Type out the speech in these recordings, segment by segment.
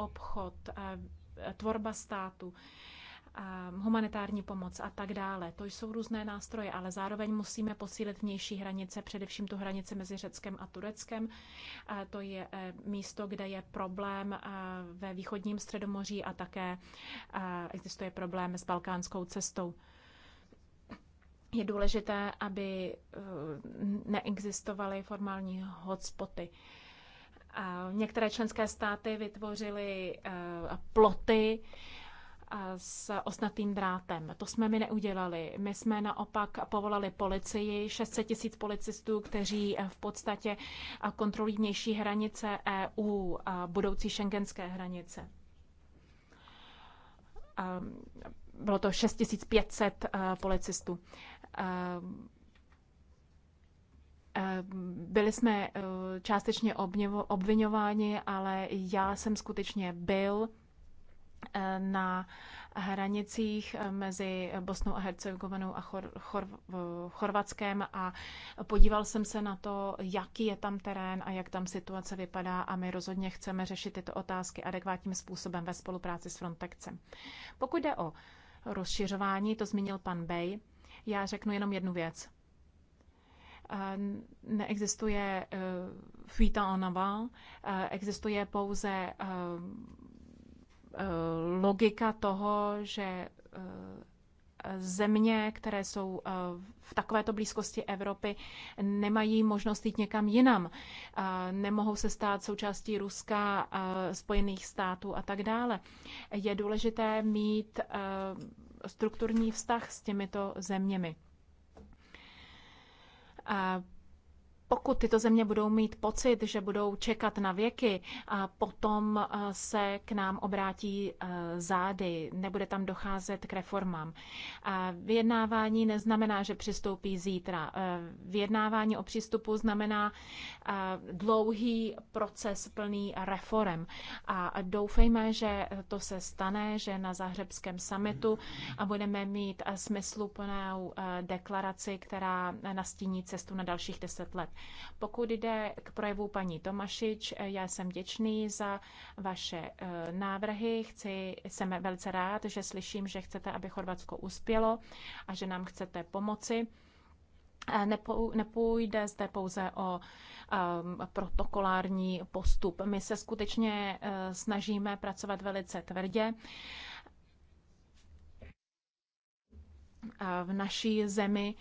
obchod, eh, tvorba státu, eh, humanitární pomoc a tak dále. To jsou různé nástroje, ale zároveň musíme posílit vnější hranice, především tu hranici mezi Řeckem a Tureckem. To je eh, místo, kde je problém ve východním středomoří a také existuje problém s balkánskou cestou je důležité, aby neexistovaly formální hotspoty. Některé členské státy vytvořily eh, ploty eh, s osnatým drátem. To jsme my neudělali. My jsme naopak povolali policii, 600 tisíc policistů, kteří eh, v podstatě kontrolují vnější hranice EU, a budoucí šengenské hranice. Ehm, bylo to 6500 policistů ehm, Eh, byli jsme eh, částečně obvinováni, ale já jsem skutečně byl eh, na hranicích mezi Bosnou a Hercegovinou a Chor- Chor- Chorvatskem a podíval jsem se na to, jaký je tam terén a jak tam situace vypadá a my rozhodně chceme řešit tyto otázky adekvátním způsobem ve spolupráci s Frontexem. Pokud jde o rozšiřování, to zmínil pan Bej, já řeknu jenom jednu věc neexistuje eh, fuita en avant, eh, existuje pouze eh, logika toho, že země, které jsou v takovéto blízkosti Evropy, nemají možnost jít někam jinam. Nemohou se stát součástí Ruska, Spojených států a tak dále. Je důležité mít strukturní vztah s těmito zeměmi a pokud tyto země budou mít pocit, že budou čekat na věky, a potom eh, se k nám obrátí eh, zády, nebude tam docházet k reformám. Vyjednávání neznamená, že přistoupí zítra. Eh, vyjednávání o přístupu znamená dlouhý proces plný reform. A doufejme, že to se stane, že na Zahřebském summitu a budeme mít smysluplnou deklaraci, která nastíní cestu na dalších deset let. Pokud jde k projevu paní Tomašič, eh, já jsem děčný za vaše eh, návrhy. Chci, jsem velice rád, že slyším, že chcete, aby Chorvatsko uspělo a že nám chcete pomoci. Eh, nepůjde zde pouze o protokolární postup. My se skutečně snažíme pracovat velice tvrdě. v naší zemi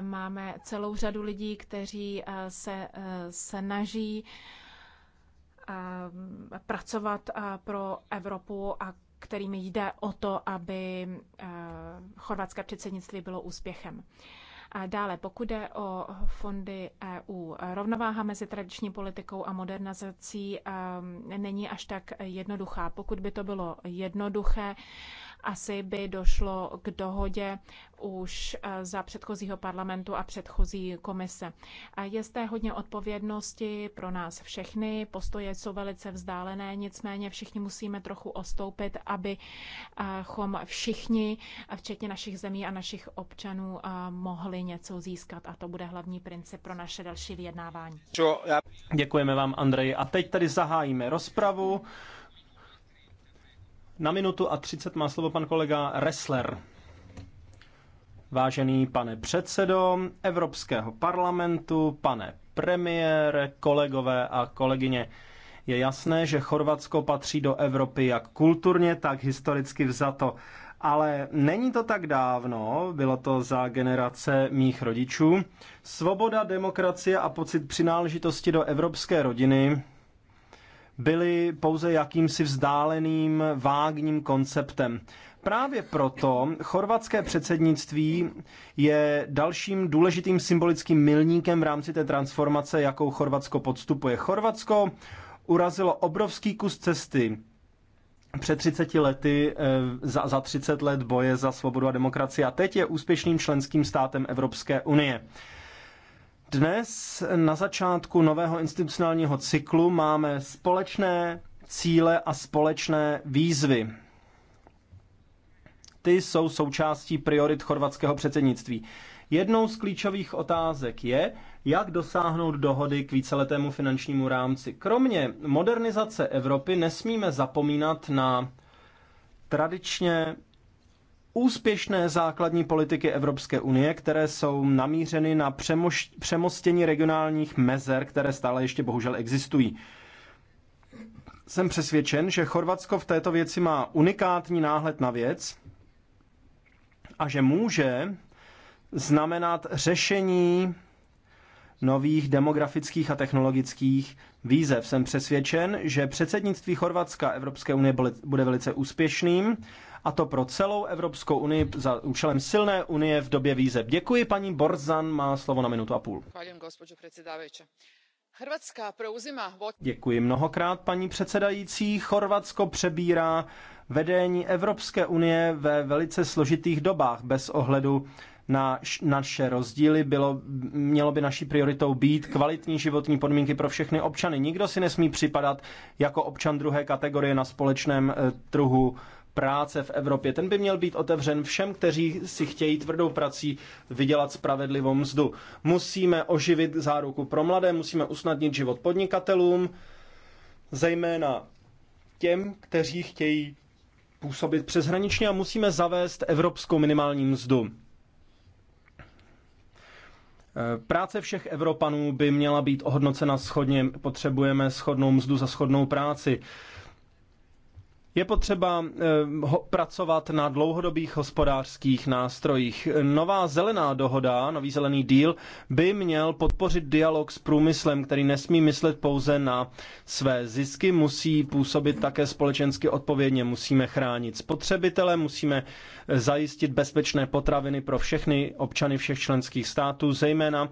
Máme celou řadu lidí, kteří eh, se eh, snaží eh, pracovat pro Evropu a kterým jde o to, aby chorvatské předsednictví bylo úspěchem. A dále, pokud jde o fondy EU, rovnováha mezi tradiční politikou a modernizací není až tak jednoduchá. Pokud by to bylo jednoduché, asi by došlo k dohodě už eh, za předchozího parlamentu a předchozí komise. Je zde hodně odpovědnosti pro nás všechny, postoje jsou velice vzdálené, nicméně všichni musíme trochu ostoupit, abychom všichni, včetně našich zemí a našich občanů, eh, mohli něco získat a to bude hlavní princip pro naše další vyjednávání. Děkujeme vám, Andrej. A teď tady zahájíme rozpravu. Na minutu a třicet má slovo pan kolega Ressler. Vážený pane předsedo Evropského parlamentu, pane premiére, kolegové a kolegyně, je jasné, že Chorvatsko patří do Evropy jak kulturně, tak historicky vzato. Ale není to tak dávno, bylo to za generace mých rodičů. Svoboda, demokracie a pocit přináležitosti do evropské rodiny byly pouze jakýmsi vzdáleným, vágním konceptem. Právě proto chorvatské předsednictví je dalším důležitým symbolickým milníkem v rámci té transformace, jakou Chorvatsko podstupuje. Chorvatsko urazilo obrovský kus cesty před 30 lety, eh, za, za 30 let boje za svobodu a demokracii a teď je úspěšným členským státem Evropské unie. Dnes na začátku nového institucionálního cyklu máme společné cíle a společné výzvy. Ty jsou součástí priorit chorvatského předsednictví. Jednou z klíčových otázek je, jak dosáhnout dohody k víceletému finančnímu rámci. Kromě modernizace Evropy nesmíme zapomínat na tradičně úspěšné základní politiky Evropské unie, které jsou namířeny na přemoš- přemostění regionálních mezer, které stále ještě bohužel existují. Jsem přesvědčen, že Chorvatsko v této věci má unikátní náhled na věc a že může znamenat řešení nových demografických a technologických výzev. Jsem přesvědčen, že předsednictví Chorvatska Evropské unie bude velice úspěšným a to pro celou Evropskou unii za účelem silné unie v době výzeb. Děkuji, paní Borzan má slovo na minutu a půl. Děkuji mnohokrát, paní předsedající. Chorvatsko přebírá vedení Evropské unie ve velice složitých dobách bez ohledu na naše rozdíly. Bylo, mělo by naší prioritou být kvalitní životní podmínky pro všechny občany. Nikdo si nesmí připadat jako občan druhé kategorie na společném eh, trhu práce v Evropě. Ten by měl být otevřen všem, kteří si chtějí tvrdou prací vydělat spravedlivou mzdu. Musíme oživit záruku pro mladé, musíme usnadnit život podnikatelům, zejména těm, kteří chtějí působit přeshraničně a musíme zavést evropskou minimální mzdu. Práce všech Evropanů by měla být ohodnocena schodně. Potřebujeme schodnou mzdu za schodnou práci. Je potřeba eh, pracovat na dlouhodobých hospodářských nástrojích. Nová zelená dohoda, nový zelený díl, by měl podpořit dialog s průmyslem, který nesmí myslet pouze na své zisky, musí působit také společensky odpovědně, musíme chránit spotřebitele, musíme eh, zajistit bezpečné potraviny pro všechny občany všech členských států, zejména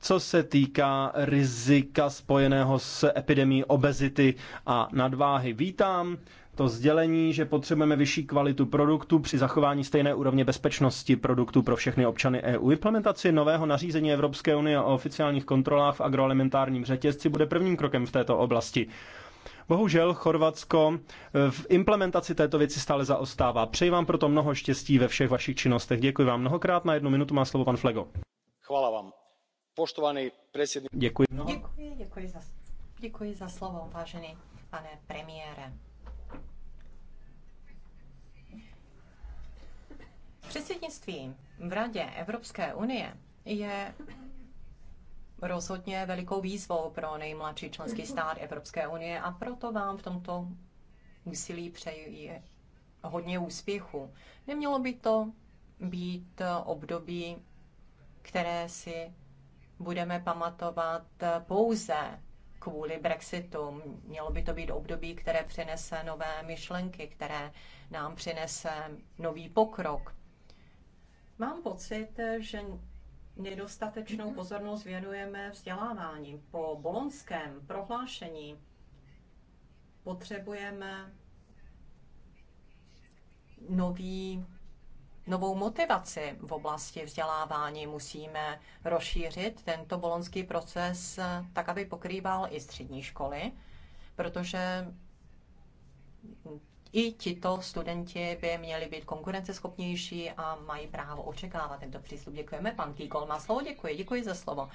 co se týká rizika spojeného s epidemí obezity a nadváhy. Vítám to sdělení, že potřebujeme vyšší kvalitu produktu při zachování stejné úrovně bezpečnosti produktu pro všechny občany EU. Implementaci nového nařízení Evropské unie o oficiálních kontrolách v agroalimentárním řetězci bude prvním krokem v této oblasti. Bohužel Chorvatsko eh, v implementaci této věci stále zaostává. Přeji vám proto mnoho štěstí ve všech vašich činnostech. Děkuji vám mnohokrát. Na jednu minutu má slovo pan Flego. Chvala vám. Poštovaný predsjednik. Děkuji. Děkuji, děkuji za, děkuji za slovo, vážený pane premiére. předsednictví v Radě Evropské unie je rozhodně velikou výzvou pro nejmladší členský stát Evropské unie a proto vám v tomto úsilí přeji hodně úspěchu. Nemělo by to být období, které si budeme pamatovat pouze kvůli Brexitu. Mělo by to být období, které přinese nové myšlenky, které nám přinese nový pokrok. Mám pocit, že nedostatečnou pozornost věnujeme vzdělávání. Po bolonském prohlášení potřebujeme nový, novou motivaci v oblasti vzdělávání. Musíme rozšířit tento bolonský proces tak, aby pokrýval i střední školy, protože i tito studenti by měli být konkurenceschopnější a mají právo očekávat tento přístup. Děkujeme, pan Kýkol má slovo, děkuji, děkuji za slovo.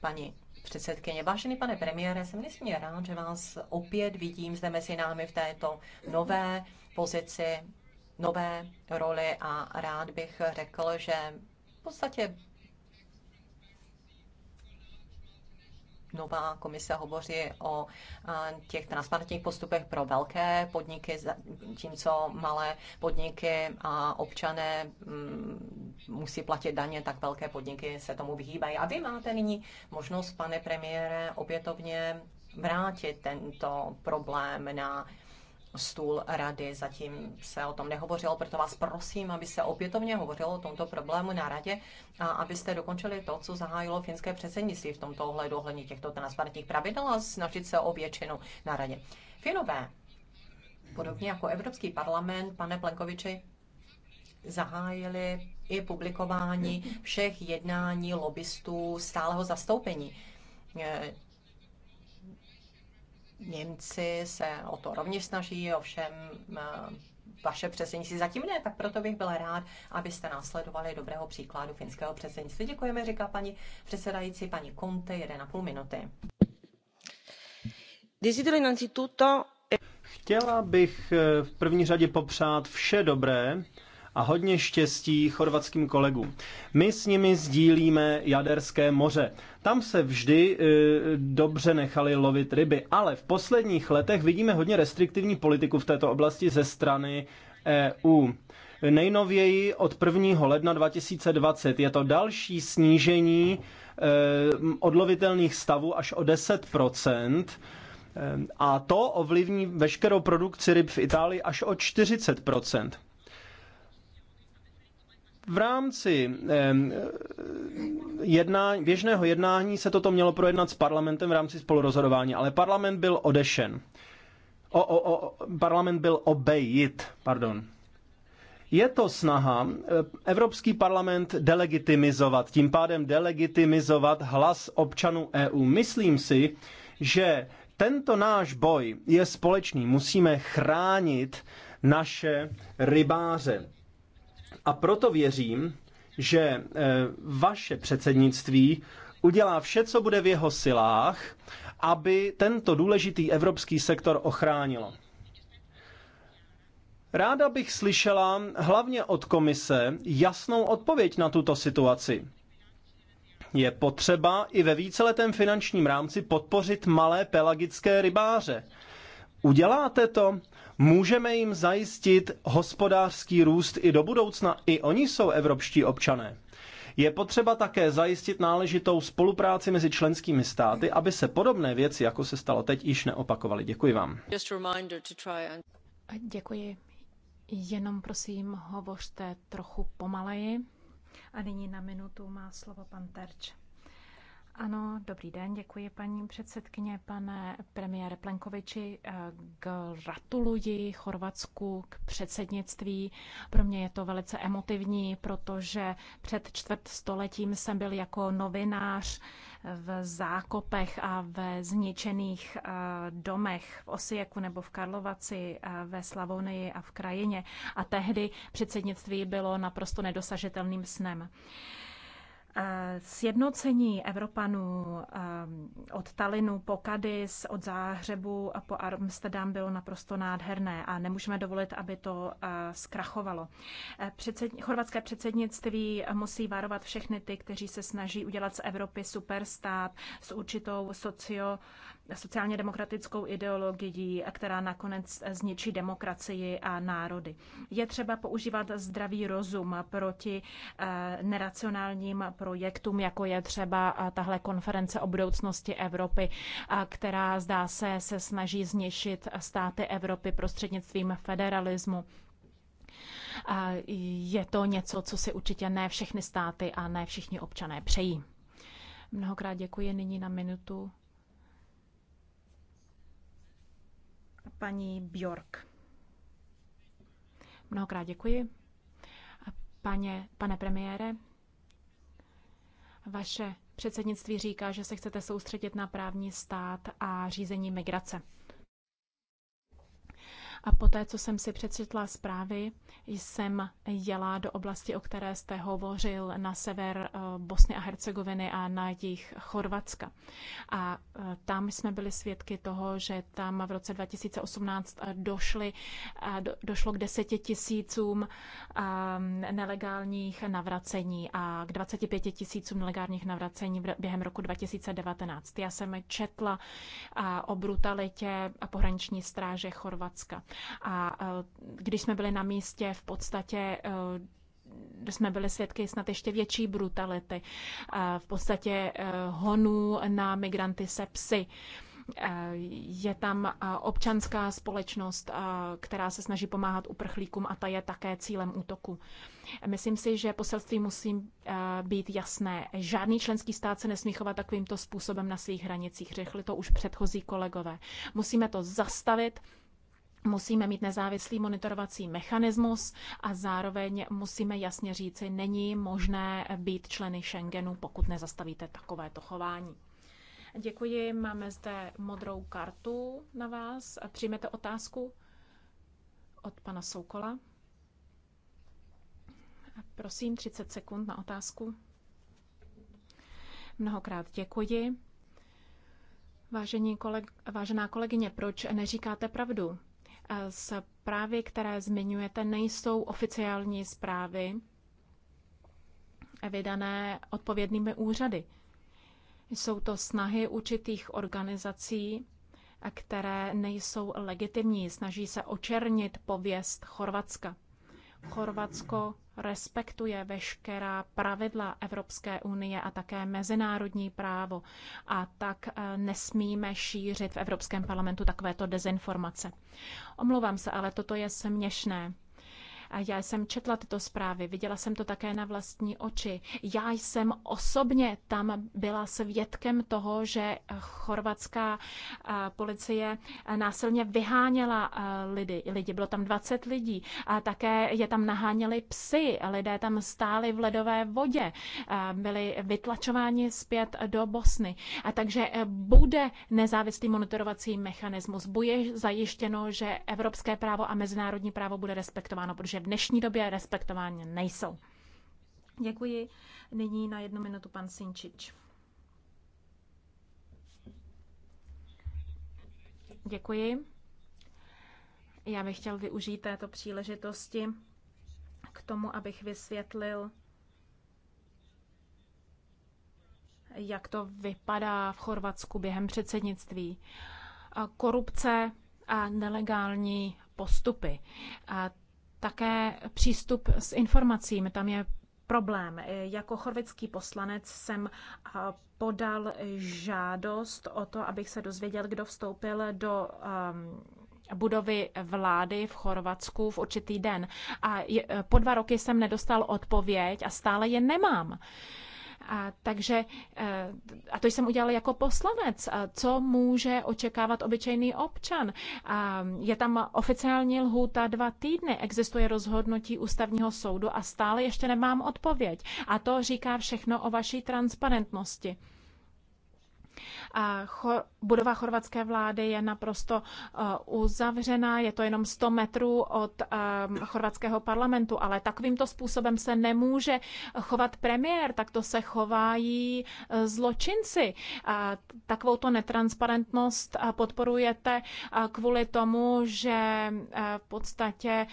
Pani předsedkyně. Vážený pane premiére, jsem nesmírně rád, že vás opět vidím zde mezi námi v této nové pozici, nové roli a rád bych řekl, že v podstatě nová komise hovoří o těch transparentních postupech pro velké podniky, zatímco malé podniky a občané mm, musí platit daně, tak velké podniky se tomu vyhýbají. A vy máte nyní možnost, pane premiére, opětovně vrátit tento problém na stůl rady. Zatím se o tom nehovořilo, proto vás prosím, aby se opětovně hovořilo o tomto problému na radě a abyste dokončili to, co zahájilo finské předsednictví v tomto ohledu ohledně těchto transparentních pravidel a snažit se o většinu na radě. Finové, podobně jako Evropský parlament, pane Plenkoviči, zahájili i publikování všech jednání lobbystů stáleho zastoupení Němci se o to rovněž snaží, ovšem eh, vaše předsednictví zatím ne, tak proto bych byla rád, abyste následovali dobrého příkladu finského předsednictví. Děkujeme, říká paní předsedající, paní Conte, půl minuty. Eh, Chtěla bych eh, v první řadě popřát vše dobré a hodně štěstí chorvatským kolegům. My s nimi sdílíme Jaderské moře. Tam se vždy e, dobře nechali lovit ryby, ale v posledních letech vidíme hodně restriktivní politiku v této oblasti ze strany EU. Nejnověji od 1. ledna 2020 je to další snížení e, odlovitelných stavů až o 10 e, a to ovlivní veškerou produkci ryb v Itálii až o 40 v rámci jednání, běžného jednání se toto mělo projednat s parlamentem v rámci spolurozhodování, ale parlament byl odešen. O, o, o, parlament byl obejit, pardon. Je to snaha eh, Evropský parlament delegitimizovat, tím pádem delegitimizovat hlas občanů EU. Myslím si, že tento náš boj je společný. Musíme chránit naše rybáře. A proto věřím, že eh, vaše předsednictví udělá vše, co bude v jeho silách, aby tento důležitý evropský sektor ochránilo. Ráda bych slyšela hlavně od komise jasnou odpověď na tuto situaci. Je potřeba i ve víceletém finančním rámci podpořit malé pelagické rybáře. Uděláte to? Můžeme jim zajistit hospodářský růst i do budoucna. I oni jsou evropští občané. Je potřeba také zajistit náležitou spolupráci mezi členskými státy, aby se podobné věci, jako se stalo teď, již neopakovaly. Děkuji vám. Děkuji. Jenom prosím, hovořte trochu pomaleji. A nyní na minutu má slovo pan Terč. Ano, dobrý den, děkuji paní předsedkyně, pane premiére Plenkoviči. Eh, gratuluji Chorvatsku k předsednictví. Pro mě je to velice emotivní, protože před čtvrt stoletím jsem byl jako novinář v zákopech a ve zničených eh, domech v Osijeku nebo v Karlovaci, eh, ve Slavonii a v krajině. A tehdy předsednictví bylo naprosto nedosažitelným snem. Sjednocení Evropanů ehm, od Talinu po Kadis, od Záhřebu a po Amsterdam bylo naprosto nádherné a nemůžeme dovolit, aby to eh, zkrachovalo. Eh, chorvatské předsednictví musí varovat všechny ty, kteří se snaží udělat z Evropy superstát s určitou socio sociálně demokratickou ideologií, která nakonec zničí demokracii a národy. Je třeba používat zdravý rozum proti eh, neracionálním projektům, jako je třeba eh, tahle konference o budoucnosti Evropy, eh, která zdá se se snaží zničit státy Evropy prostřednictvím federalismu. A je to něco, co si určitě ne všechny státy a ne všichni občané přejí. Mnohokrát děkuji nyní na minutu paní Bjork. Mnohokrát děkuji. Pane, pane premiére, vaše předsednictví říká, že se chcete soustředit na právní stát a řízení migrace. A poté, co jsem si přečetla zprávy, jsem jela do oblasti, o které jste hovořil, na sever eh, Bosny a Hercegoviny a na jich Chorvatska. A eh, tam jsme byli svědky toho, že tam v roce 2018 eh, došli, došlo k deseti tisícům nelegálních navracení a k 25 tisícům nelegálních navracení během roku 2019. Já jsem četla o brutalitě a pohraniční stráže Chorvatska. A e, když jsme byli na místě, v podstatě e, jsme byli svědky snad ještě větší brutality, e, v podstatě honů na migranty se psy. Je tam občanská společnost, která se snaží pomáhat uprchlíkům a ta je také cílem útoku. Myslím si, že poselství musí být jasné. Žádný členský stát se nesmí chovat takovýmto způsobem na svých hranicích. Řekli to už předchozí kolegové. Musíme to zastavit, Musíme mít nezávislý monitorovací mechanismus a zároveň musíme jasně říci, není možné být členy Schengenu, pokud nezastavíte takovéto chování. Děkuji, máme zde modrou kartu na vás. Přijmete otázku od pana Soukola. Prosím, 30 sekund na otázku. Mnohokrát děkuji. Vážení koleg- vážená kolegyně, proč neříkáte pravdu? Zprávy, které zmiňujete, nejsou oficiální zprávy vydané odpovědnými úřady. Jsou to snahy určitých organizací, které nejsou legitimní, snaží se očernit pověst Chorvatska. Chorvatsko respektuje veškerá pravidla Evropské unie a také mezinárodní právo. A tak eh, nesmíme šířit v Evropském parlamentu takovéto dezinformace. Omlouvám se, ale toto je směšné. Já jsem četla tyto zprávy, viděla jsem to také na vlastní oči. Já jsem osobně tam byla svědkem toho, že chorvatská policie násilně vyháněla lidi. lidi. Bylo tam 20 lidí a také je tam naháněli psy. Lidé tam stáli v ledové vodě, byli vytlačováni zpět do Bosny. A takže e, bude nezávislý monitorovací mechanismus. Bude zajištěno, že evropské právo a mezinárodní právo bude respektováno, protože v dnešní době respektováni nejsou. Děkuji. Nyní na jednu minutu pan Sinčič. Děkuji. Já bych chtěl využít této příležitosti k tomu, abych vysvětlil, jak to vypadá v Chorvatsku během předsednictví. Korupce a nelegální postupy. A také přístup s informacím, tam je problém. Jako chorvatský poslanec jsem podal žádost o to, abych se dozvěděl, kdo vstoupil do um, budovy vlády v Chorvatsku v určitý den. A po dva roky jsem nedostal odpověď a stále je nemám. A, takže, eh, a to jsem udělal jako poslanec. A co může očekávat obyčejný občan? A je tam oficiální lhůta dva týdny, existuje rozhodnutí ústavního soudu a stále ještě nemám odpověď. A to říká všechno o vaší transparentnosti. Budova chorvatské vlády je naprosto eh, uzavřená, je to jenom 100 metrů od ehm, chorvatského parlamentu, ale takovýmto způsobem se nemůže chovat premiér, tak to se chovají eh, zločinci. takovou to netransparentnost eh, podporujete kvůli tomu, že v podstatě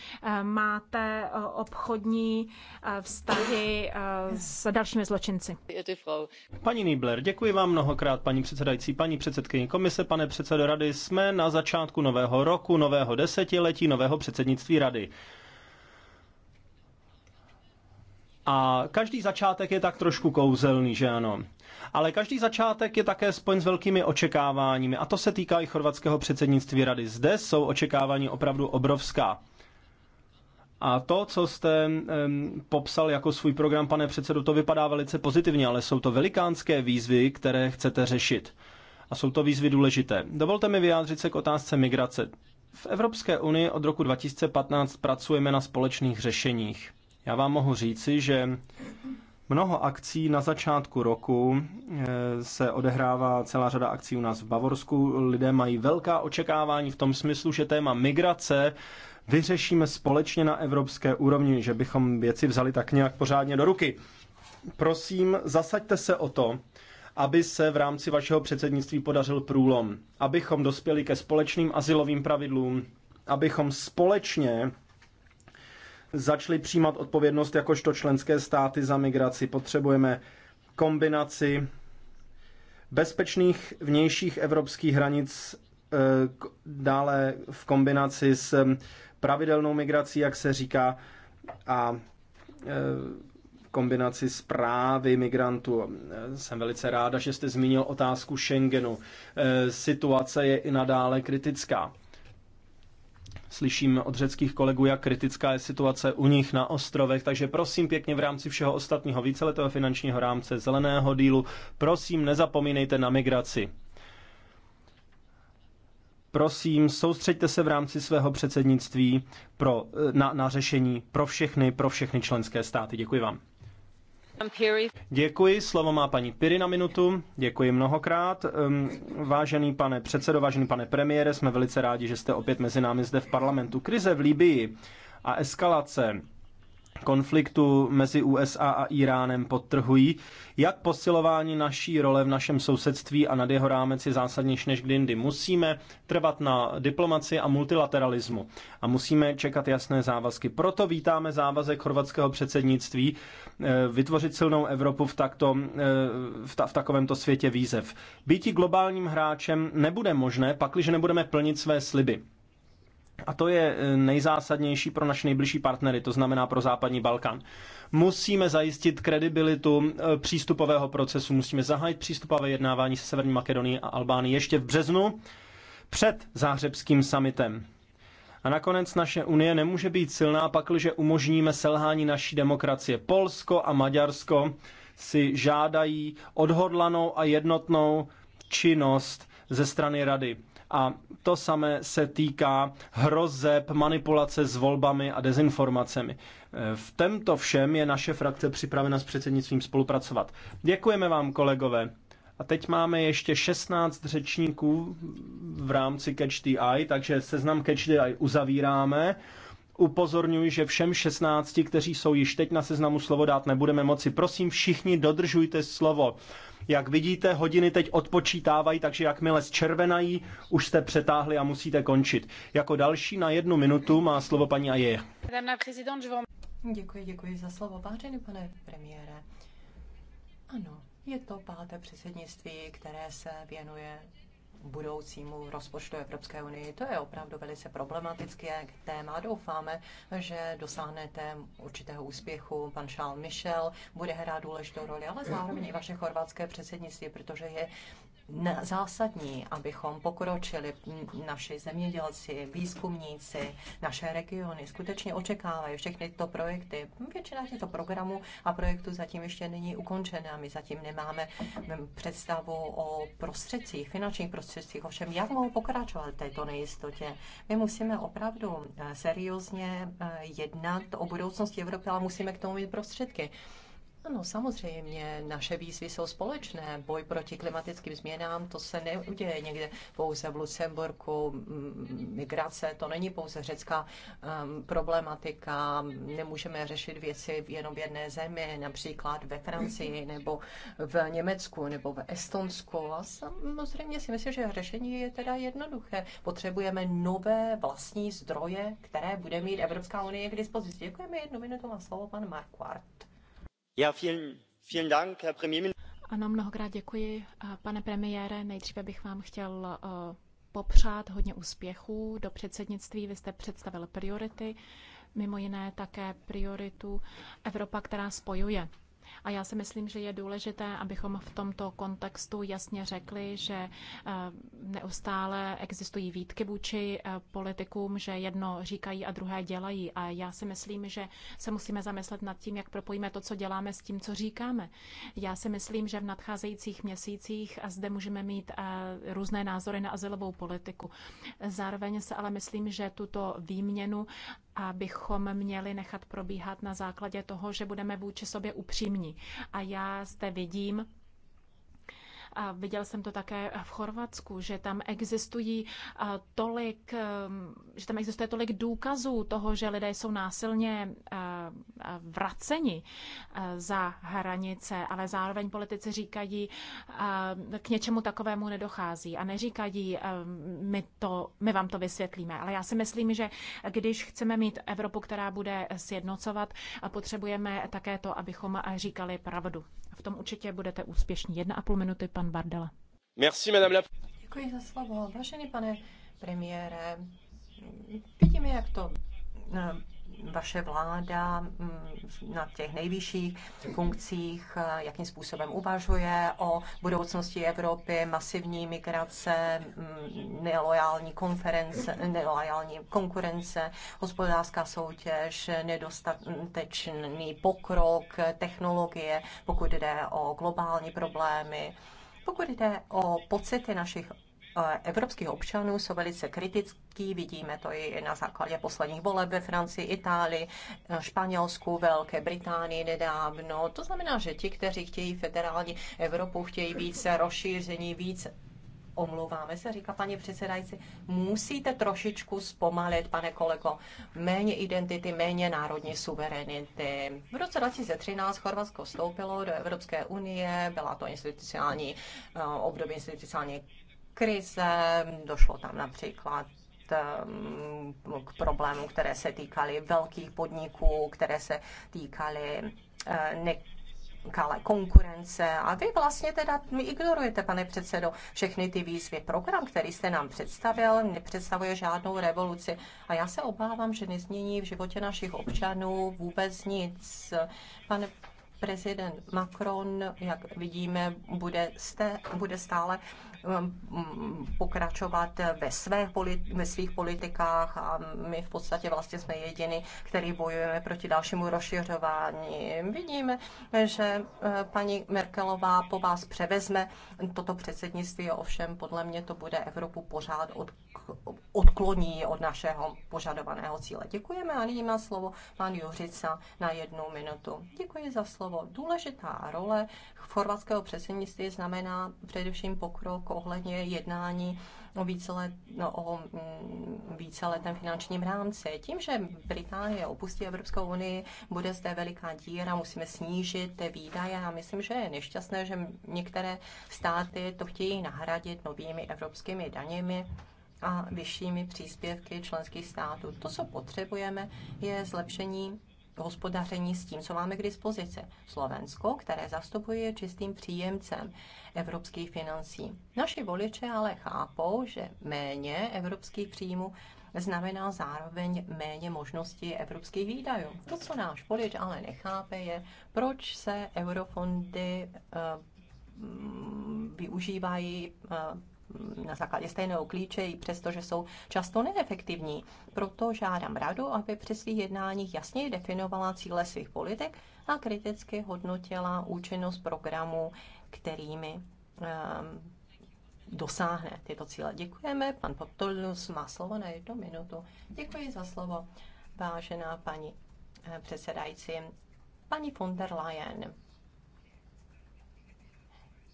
máte obchodní vztahy s dalšími zločinci. Paní Nibler, děkuji vám mnohokrát, paní paní předsedající, paní předsedkyně komise, pane předsedo rady, jsme na začátku nového roku, nového desetiletí, nového předsednictví rady. A každý začátek je tak trošku kouzelný, že ano. Ale každý začátek je také spojen s velkými očekáváními a to se týká i chorvatského předsednictví rady. Zde jsou očekávání opravdu obrovská. A to, co jste um, popsal jako svůj program, pane předsedo, to vypadá velice pozitivně, ale jsou to velikánské výzvy, které chcete řešit. A jsou to výzvy důležité. Dovolte mi vyjádřit se k otázce migrace. V Evropské unii od roku 2015 pracujeme na společných řešeních. Já vám mohu říci, že mnoho akcí na začátku roku eh, se odehrává celá řada akcí u nás v Bavorsku. Lidé mají velká očekávání v tom smyslu, že téma migrace vyřešíme společně na evropské úrovni, že bychom věci vzali tak nějak pořádně do ruky. Prosím, zasaďte se o to, aby se v rámci vašeho předsednictví podařil průlom, abychom dospěli ke společným asilovým pravidlům, abychom společně začali přijímat odpovědnost jakožto členské státy za migraci. Potřebujeme kombinaci bezpečných vnějších evropských hranic eh, dále v kombinaci s pravidelnou migrací, jak se říká, a e, kombinaci právy migrantů. E, jsem velice ráda, že jste zmínil otázku Schengenu. E, situace je i nadále kritická. Slyším od řeckých kolegů, jak kritická je situace u nich na ostrovech, takže prosím pěkně v rámci všeho ostatního víceletého finančního rámce zeleného dílu, prosím nezapomínejte na migraci. Prosím, soustřeďte se v rámci svého předsednictví pro, na, na řešení pro všechny, pro všechny členské státy. Děkuji vám. Děkuji, slovo má paní Piry na minutu, děkuji mnohokrát. Ehm, vážený pane předsedo, vážený pane premiére, jsme velice rádi, že jste opět mezi námi zde v parlamentu. Krize v Libii a eskalace konfliktu mezi USA a Iránem podtrhují, jak posilování naší role v našem sousedství a nad jeho rámec je zásadnější než kdy jindy. Musíme trvat na diplomaci a multilateralismu a musíme čekat jasné závazky. Proto vítáme závazek chorvatského předsednictví eh, vytvořit silnou Evropu v, takto, eh, v, ta, v takovémto světě výzev. Býti globálním hráčem nebude možné, pakliže nebudeme plnit své sliby a to je eh, nejzásadnější pro naše nejbližší partnery, to znamená pro západní Balkán. Musíme zajistit kredibilitu eh, přístupového procesu, musíme zahájit přístupové jednávání se Severní Makedonií a Albánií ještě v březnu před záhřebským summitem. A nakonec naše unie nemůže být silná, pakliže umožníme selhání naší demokracie. Polsko a Maďarsko si žádají odhodlanou a jednotnou činnost ze strany rady. A to samé se týká hrozeb, manipulace s volbami a dezinformacemi. E, v tomto všem je naše frakce připravena s předsednictvím spolupracovat. Děkujeme vám, kolegové. A teď máme ještě 16 řečníků v rámci Catch the Eye, takže seznam Catch the Eye uzavíráme. Upozorňuji, že všem 16, kteří jsou již teď na seznamu slovo dát nebudeme moci. Prosím, všichni dodržujte slovo. Jak vidíte, hodiny teď odpočítávají, takže jakmile zčervenají, už jste přetáhli a musíte končit. Jako další na jednu minutu má slovo paní Aje. Děkuji, děkuji za slovo, vážený pane premiére. Ano, je to páté předsednictví, které se věnuje budoucímu rozpočtu Evropské unie. To je opravdu velice problematické téma. Doufáme, že dosáhnete určitého úspěchu. Pan Charles Michel bude hrát důležitou roli, ale zároveň i vaše chorvatské předsednictví, protože je zásadní, abychom pokročili naši zemědělci, výzkumníci, naše regiony. Skutečně očekávají všechny tyto projekty. Většina těchto programů a projektů zatím ještě není ukončena. My zatím nemáme představu o prostředcích, finančních prostředcích. Ovšem, jak mohou pokračovat této nejistotě? My musíme opravdu eh, seriózně eh, jednat o budoucnosti Evropy, ale musíme k tomu mít prostředky. Ano, samozřejmě, naše výzvy jsou společné. Boj proti klimatickým změnám, to se neuděje někde pouze v Lucemburku. Mm, migrace, to není pouze řecká um, problematika. Nemůžeme řešit věci jenom v jedné zemi, například ve Francii, nebo v Německu, nebo v Estonsku. A samozřejmě si myslím, že řešení je teda jednoduché. Potřebujeme nové vlastní zdroje, které bude mít Evropská unie k dispozici. Děkujeme jednu minutu na slovo pan Marquardt. Ano, mnohokrát děkuji. Pane premiére, nejdříve bych vám chtěl uh, popřát hodně úspěchů do předsednictví. Vy jste představil priority, mimo jiné také prioritu Evropa, která spojuje. A já si myslím, že je důležité, abychom v tomto kontextu jasně řekli, že eh, neustále existují výtky vůči eh, politikům, že jedno říkají a druhé dělají. A já si myslím, že se musíme zamyslet nad tím, jak propojíme to, co děláme, s tím, co říkáme. Já si myslím, že v nadcházejících měsících eh, zde můžeme mít různé názory na azylovou politiku. Zároveň se ale myslím, že tuto výměnu bychom měli nechat probíhat na základě toho, že budeme vůči sobě upřímní. A já zde vidím a viděl jsem to také v Chorvatsku, že tam existují tolik, že tam existuje tolik důkazů toho, že lidé jsou násilně vraceni za hranice, ale zároveň politici říkají, k něčemu takovému nedochází a neříkají, my, to, my vám to vysvětlíme. Ale já si myslím, že když chceme mít Evropu, která bude sjednocovat, potřebujeme také to, abychom říkali pravdu. V tom určitě budete úspěšní. Jedna a půl minuty, pan Bardela. Merci, madame la... Děkuji za slovo. Vážený pane premiére, vidíme, jak to eh, vaše vláda mm, na těch nejvyšších funkcích, eh, jakým způsobem uvažuje o budoucnosti Evropy, masivní migrace, mm, nelojální konference, nelojální konkurence, hospodářská soutěž, nedostatečný pokrok, technologie, pokud jde o globální problémy, pokud jde o pocity našich Eh, evropských občanů jsou velice kritický. Vidíme to i na základě posledních voleb ve Francii, Itálii, eh, Španělsku, Velké Británii nedávno. To znamená, že ti, kteří chtějí federální Evropu, chtějí více rozšíření, více omlouváme se, říká paní předsedající, musíte trošičku zpomalit, pane kolego, méně identity, méně národní suverenity. V roce 2013 Chorvatsko vstoupilo do Evropské unie, byla to institucionální eh, období institucionální krize, došlo tam například ehm, k problémům, které se týkaly velkých podniků, které se týkaly eh, nekalé konkurence a vy vlastně teda ignorujete, pane předsedo, všechny ty výzvy. Program, který jste nám představil, nepředstavuje žádnou revoluci a já se obávám, že nezmění v životě našich občanů vůbec nic. Pane prezident Macron, jak vidíme, bude, bude stále Um, pokračovat ve, své, ve svých politikách a my v podstatě vlastně jsme jediní, který bojujeme proti dalšímu rozšiřování. Vidíme, že eh, paní Merkelová po vás převezme toto předsednictví, ovšem podle mě to bude Evropu pořád od, odkloní od našeho požadovaného cíle. Děkujeme a nyní má slovo pan Juřica na jednu minutu. Děkuji za slovo. Důležitá role chorvatského předsednictví znamená především pokrok jako ohledně jednání o, víceletém no, o mm, finančním rámci. Tím, že Británie opustí Evropskou unii, bude zde veliká díra, musíme snížit ty výdaje a myslím, že je nešťastné, že některé státy to chtějí nahradit novými evropskými daněmi a vyššími příspěvky členských států. To, co potřebujeme, je zlepšení hospodaření s tím, co máme k dispozici. Slovensko, které zastupuje čistým příjemcem evropských financí. Naši voliče ale chápou, že méně evropských příjmů znamená zároveň méně možností evropských výdajů. To, co náš volič ale nechápe, je, proč se eurofondy eh, mm, využívají eh, na základě stejného klíče, i přesto, že jsou často neefektivní. Proto žádám radu, aby při svých jednáních jasněji definovala cíle svých politik a kriticky hodnotila účinnost programu, kterými um, dosáhne tyto cíle. Děkujeme. Pan Poptolus má slovo na jednu minutu. Děkuji za slovo, vážená paní eh, předsedající. Paní von der Leyen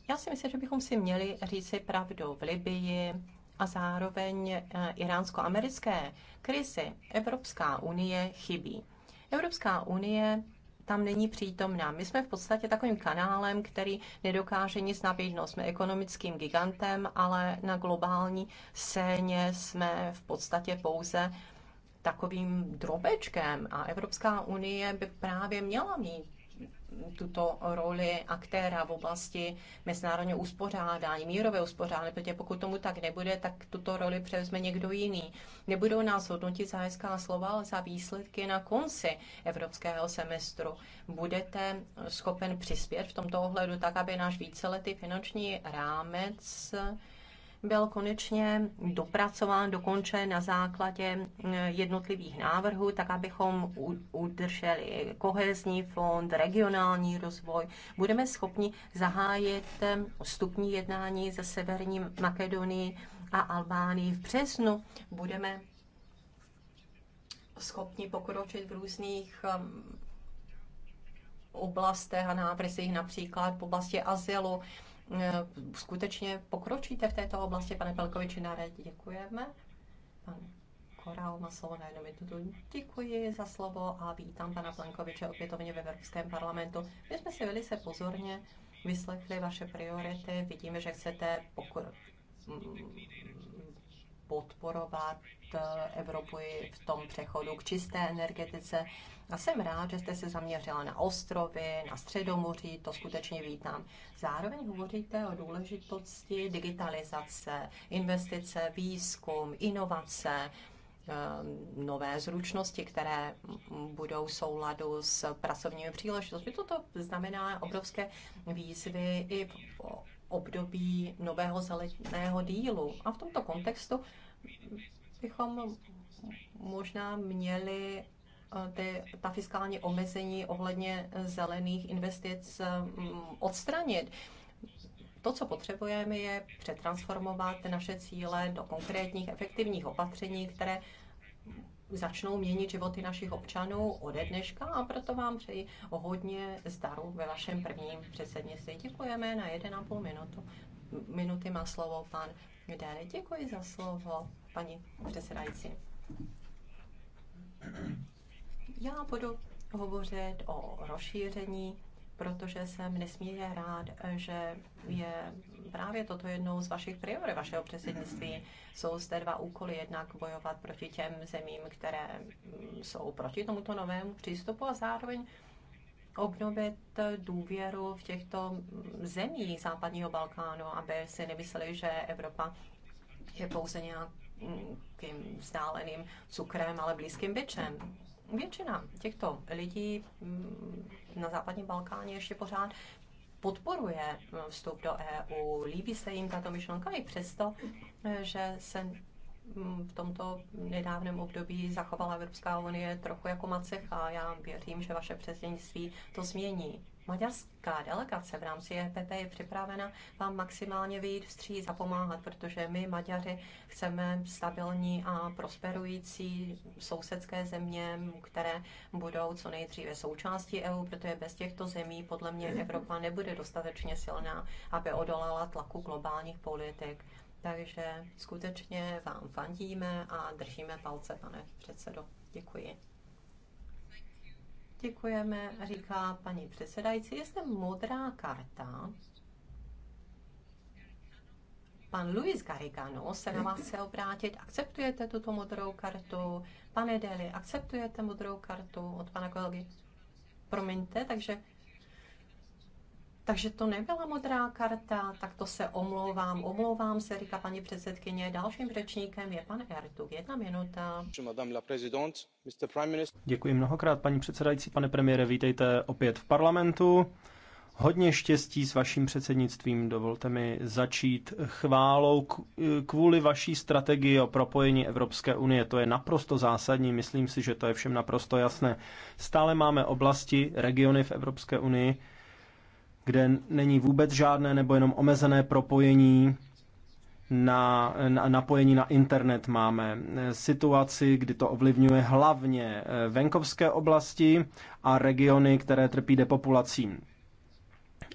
já si myslím, že bychom si měli říci pravdu v Libii a zároveň eh, iránsko-americké krizi Evropská unie chybí. Evropská unie tam není přítomná. My jsme v podstatě takovým kanálem, který nedokáže nic nabídnout. Jsme ekonomickým gigantem, ale na globální scéně jsme v podstatě pouze takovým drobečkem a Evropská unie by právě měla mít tuto roli aktéra v oblasti mezinárodního uspořádání, mírové uspořádání, protože pokud tomu tak nebude, tak tuto roli převezme někdo jiný. Nebudou nás hodnotit za hezká slova, ale za výsledky na konci evropského semestru. Budete schopen přispět v tomto ohledu tak, aby náš víceletý finanční rámec byl konečně dopracován, dokončen na základě eh, jednotlivých návrhů, tak abychom udrželi kohezní fond, regionální rozvoj. Budeme schopni zahájit eh, vstupní jednání ze Severní Makedonii a Albánii v březnu. Budeme schopni pokročit v různých eh, oblastech a návrzích, například v oblasti azylu Eh, skutečně pokročíte v této oblasti, pane Pelkoviči, na rádi Děkujeme. Pan Korál má slovo na jednu Děkuji za slovo a vítám pana Plankoviče opětovně ve Evropském parlamentu. My jsme si velice pozorně vyslechli vaše priority. Vidíme, že chcete mm, podporovat eh, Evropu v tom přechodu k čisté energetice. Já jsem rád, že jste se zaměřila na ostrovy, na středomoří, to skutečně vítám. Zároveň hovoříte o důležitosti digitalizace, investice, výzkum, inovace, ehm, nové zručnosti, které budou souladu s pracovními příležitostmi. Toto znamená obrovské výzvy i v období nového zeleného dílu. A v tomto kontextu bychom možná měli Eh, ty, ta fiskální omezení ohledně eh, zelených investic mm, odstranit. To, co potřebujeme, je přetransformovat naše cíle do konkrétních efektivních opatření, které začnou měnit životy našich občanů ode dneška a proto vám přeji hodně zdaru ve vašem prvním předsednictví. Děkujeme na 1,5 minutu. minuty má slovo pan Dary. Děkuji za slovo, paní předsedající. Já budu hovořit o rozšíření, protože jsem nesmírně rád, že je právě toto jednou z vašich priorit vašeho předsednictví. Jsou zde dva úkoly, jednak bojovat proti těm zemím, které mm, jsou proti tomuto novému přístupu a zároveň obnovit důvěru v těchto mm, zemí západního Balkánu, aby si nemysleli, že Evropa je pouze nějakým vzdáleným cukrem, ale blízkým byčem. Většina těchto lidí mm, na západním Balkáně ještě pořád podporuje mm, vstup do EU, líbí se jim tato myšlenka i přesto, že se mm, v tomto nedávném období zachovala Evropská unie trochu jako macecha. já věřím, že vaše předsednictví to změní maďarská delegace v rámci EPP je připravena vám maximálně vyjít vstříc a pomáhat, protože my, Maďaři, chceme stabilní a prosperující sousedské země, které budou co nejdříve součástí EU, protože bez těchto zemí podle mě Evropa nebude dostatečně silná, aby odolala tlaku globálních politik. Takže skutečně vám fandíme a držíme palce, pane předsedo. Děkuji. Děkujeme, říká paní předsedající. Je zde modrá karta. Pan Luis Garigano se na vás chce obrátit. Akceptujete tuto modrou kartu? Pane Deli, akceptujete modrou kartu od pana kolegy? Promiňte, takže takže to nebyla modrá karta, tak to se omlouvám. Omlouvám se, říká paní předsedkyně. Dalším řečníkem je pan Ertug. Jedna minuta. Děkuji mnohokrát, paní předsedající, pane premiére. Vítejte opět v parlamentu. Hodně štěstí s vaším předsednictvím. Dovolte mi začít chválou kvůli vaší strategii o propojení Evropské unie. To je naprosto zásadní, myslím si, že to je všem naprosto jasné. Stále máme oblasti, regiony v Evropské unii, kde není vůbec žádné nebo jenom omezené propojení na, na napojení na internet máme eh, situaci, kdy to ovlivňuje hlavně eh, venkovské oblasti a regiony, které trpí depopulací.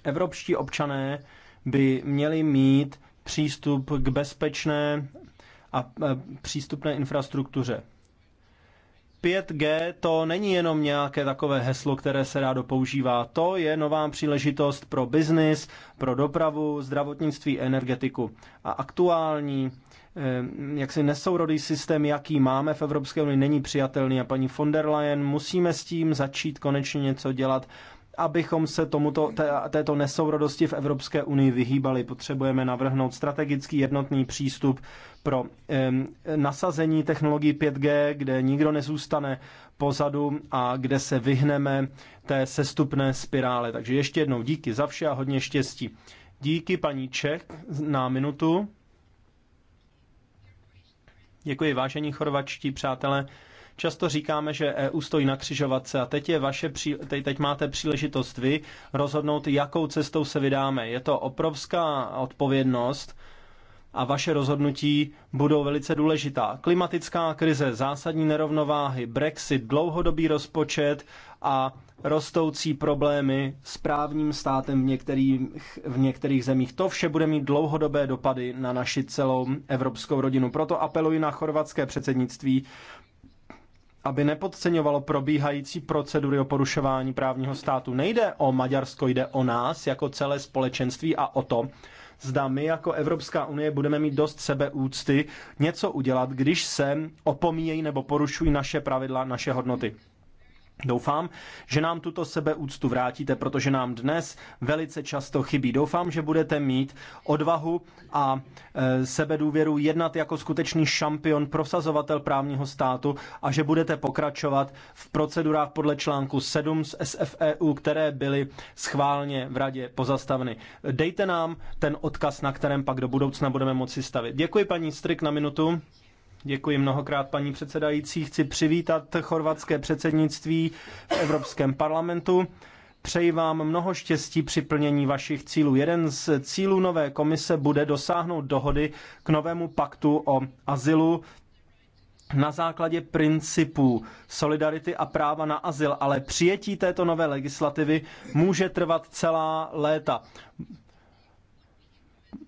Evropští občané by měli mít přístup k bezpečné a eh, přístupné infrastruktuře. 5G to není jenom nějaké takové heslo, které se rádo používá. To je nová příležitost pro biznis, pro dopravu, zdravotnictví, energetiku. A aktuální eh, jaksi nesourodý systém, jaký máme v Evropské unii, není přijatelný a paní von der Leyen, musíme s tím začít konečně něco dělat abychom se tomuto, té, této nesourodosti v Evropské unii vyhýbali. Potřebujeme navrhnout strategický jednotný přístup pro eh, nasazení technologií 5G, kde nikdo nezůstane pozadu a kde se vyhneme té sestupné spirále. Takže ještě jednou díky za vše a hodně štěstí. Díky paní Čech na minutu. Děkuji, vážení chorvačtí přátelé. Často říkáme, že EU stojí na křižovatce a teď, je vaše, teď, máte příležitost vy rozhodnout, jakou cestou se vydáme. Je to obrovská odpovědnost a vaše rozhodnutí budou velice důležitá. Klimatická krize, zásadní nerovnováhy, Brexit, dlouhodobý rozpočet a rostoucí problémy s právním státem v některých, v některých zemích. To vše bude mít dlouhodobé dopady na naši celou evropskou rodinu. Proto apeluji na chorvatské předsednictví, aby nepodceňovalo probíhající procedury o porušování právního státu. Nejde o Maďarsko, jde o nás jako celé společenství a o to, zda my jako Evropská unie budeme mít dost sebeúcty něco udělat, když se opomíjejí nebo porušují naše pravidla, naše hodnoty. Doufám, že nám tuto sebeúctu vrátíte, protože nám dnes velice často chybí. Doufám, že budete mít odvahu a e, sebedůvěru jednat jako skutečný šampion, prosazovatel právního státu a že budete pokračovat v procedurách podle článku 7 z SFEU, které byly schválně v radě pozastaveny. Dejte nám ten odkaz, na kterém pak do budoucna budeme moci stavit. Děkuji paní Strik na minutu. Děkuji mnohokrát, paní předsedající. Chci přivítat chorvatské předsednictví v Evropském parlamentu. Přeji vám mnoho štěstí při plnění vašich cílů. Jeden z cílů nové komise bude dosáhnout dohody k novému paktu o azylu na základě principů solidarity a práva na azyl, ale přijetí této nové legislativy může trvat celá léta.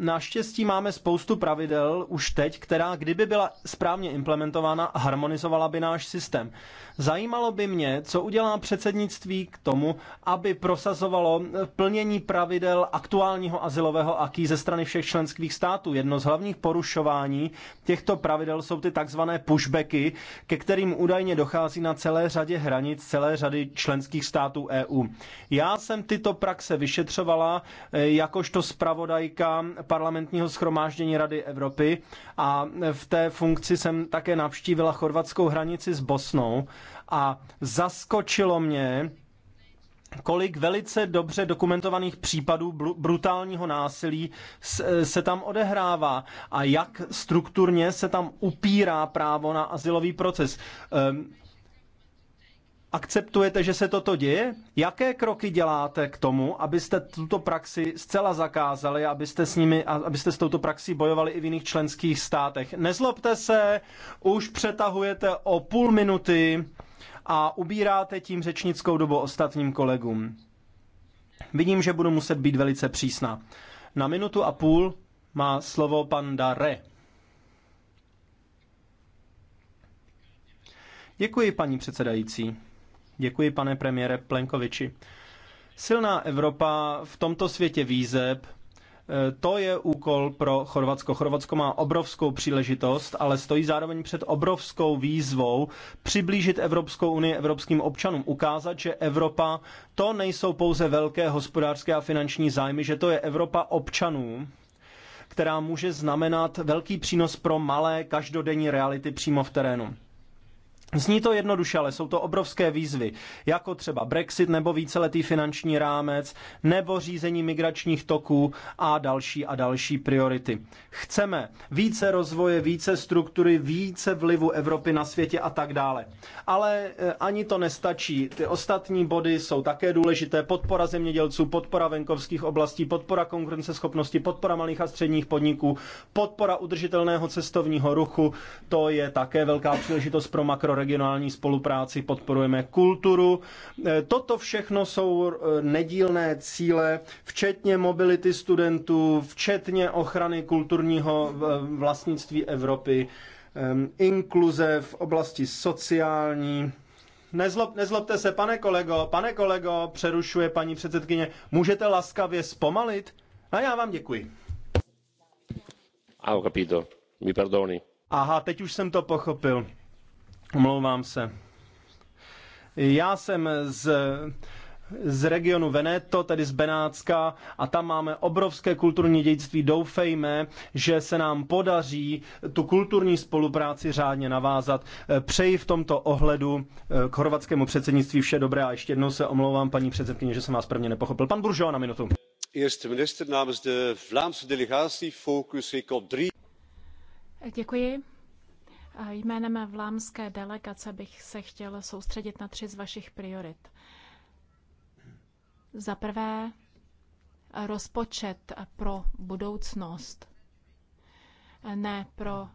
Naštěstí máme spoustu pravidel už teď, která kdyby byla správně implementována, harmonizovala by náš systém. Zajímalo by mě, co udělá předsednictví k tomu, aby prosazovalo plnění pravidel aktuálního azylového aký ze strany všech členských států. Jedno z hlavních porušování těchto pravidel jsou ty takzvané pushbacky, ke kterým údajně dochází na celé řadě hranic celé řady členských států EU. Já jsem tyto praxe vyšetřovala eh, jakožto zpravodajka parlamentního schromáždění Rady Evropy a v té funkci jsem také navštívila chorvatskou hranici s Bosnou a zaskočilo mě, kolik velice dobře dokumentovaných případů brutálního násilí se tam odehrává a jak strukturně se tam upírá právo na asilový proces. Ehm, Akceptujete, že se toto děje? Jaké kroky děláte k tomu, abyste tuto praxi zcela zakázali, abyste s, nimi, abyste s touto praxí bojovali i v jiných členských státech? Nezlobte se, už přetahujete o půl minuty a ubíráte tím řečnickou dobu ostatním kolegům. Vidím, že budu muset být velice přísná. Na minutu a půl má slovo pan Dare. Děkuji, paní předsedající. Děkuji, pane premiére Plenkoviči. Silná Evropa v tomto světě výzeb, eh, to je úkol pro Chorvatsko. Chorvatsko má obrovskou příležitost, ale stojí zároveň před obrovskou výzvou přiblížit Evropskou unii evropským občanům, ukázat, že Evropa to nejsou pouze velké hospodářské a finanční zájmy, že to je Evropa občanů, která může znamenat velký přínos pro malé každodenní reality přímo v terénu. Zní to jednoduše, ale jsou to obrovské výzvy, jako třeba Brexit nebo víceletý finanční rámec, nebo řízení migračních toků a další a další priority. Chceme více rozvoje, více struktury, více vlivu Evropy na světě a tak dále. Ale eh, ani to nestačí. Ty ostatní body jsou také důležité. Podpora zemědělců, podpora venkovských oblastí, podpora konkurenceschopnosti, podpora malých a středních podniků, podpora udržitelného cestovního ruchu. To je také velká příležitost pro makro regionální spolupráci, podporujeme kulturu. E, toto všechno jsou e, nedílné cíle, včetně mobility studentů, včetně ochrany kulturního e, vlastnictví Evropy, inkluze v oblasti sociální, Nezlob, nezlobte se, pane kolego, pane kolego, přerušuje paní předsedkyně. Můžete laskavě zpomalit? A já vám děkuji. Aho capito. Mi perdoni. Aha, teď už jsem to pochopil. Omlouvám se. Já jsem z z regionu Veneto, tedy z Benátska, a tam máme obrovské kulturní dědictví. Doufejme, že se nám podaří tu kulturní spolupráci řádně navázat. Přeji v tomto ohledu eh, k chorvatskému předsednictví vše dobré a ještě jednou se omlouvám, paní předsedkyně, že jsem vás prvně nepochopil. Pan Buržo na minutu. Eerste minister, namens de Vlaamse delegatie focus ik op drie. Děkuji. Jménem vlámské delegace bych se chtěl soustředit na tři z vašich priorit. Za prvé, rozpočet pro budoucnost, ne pro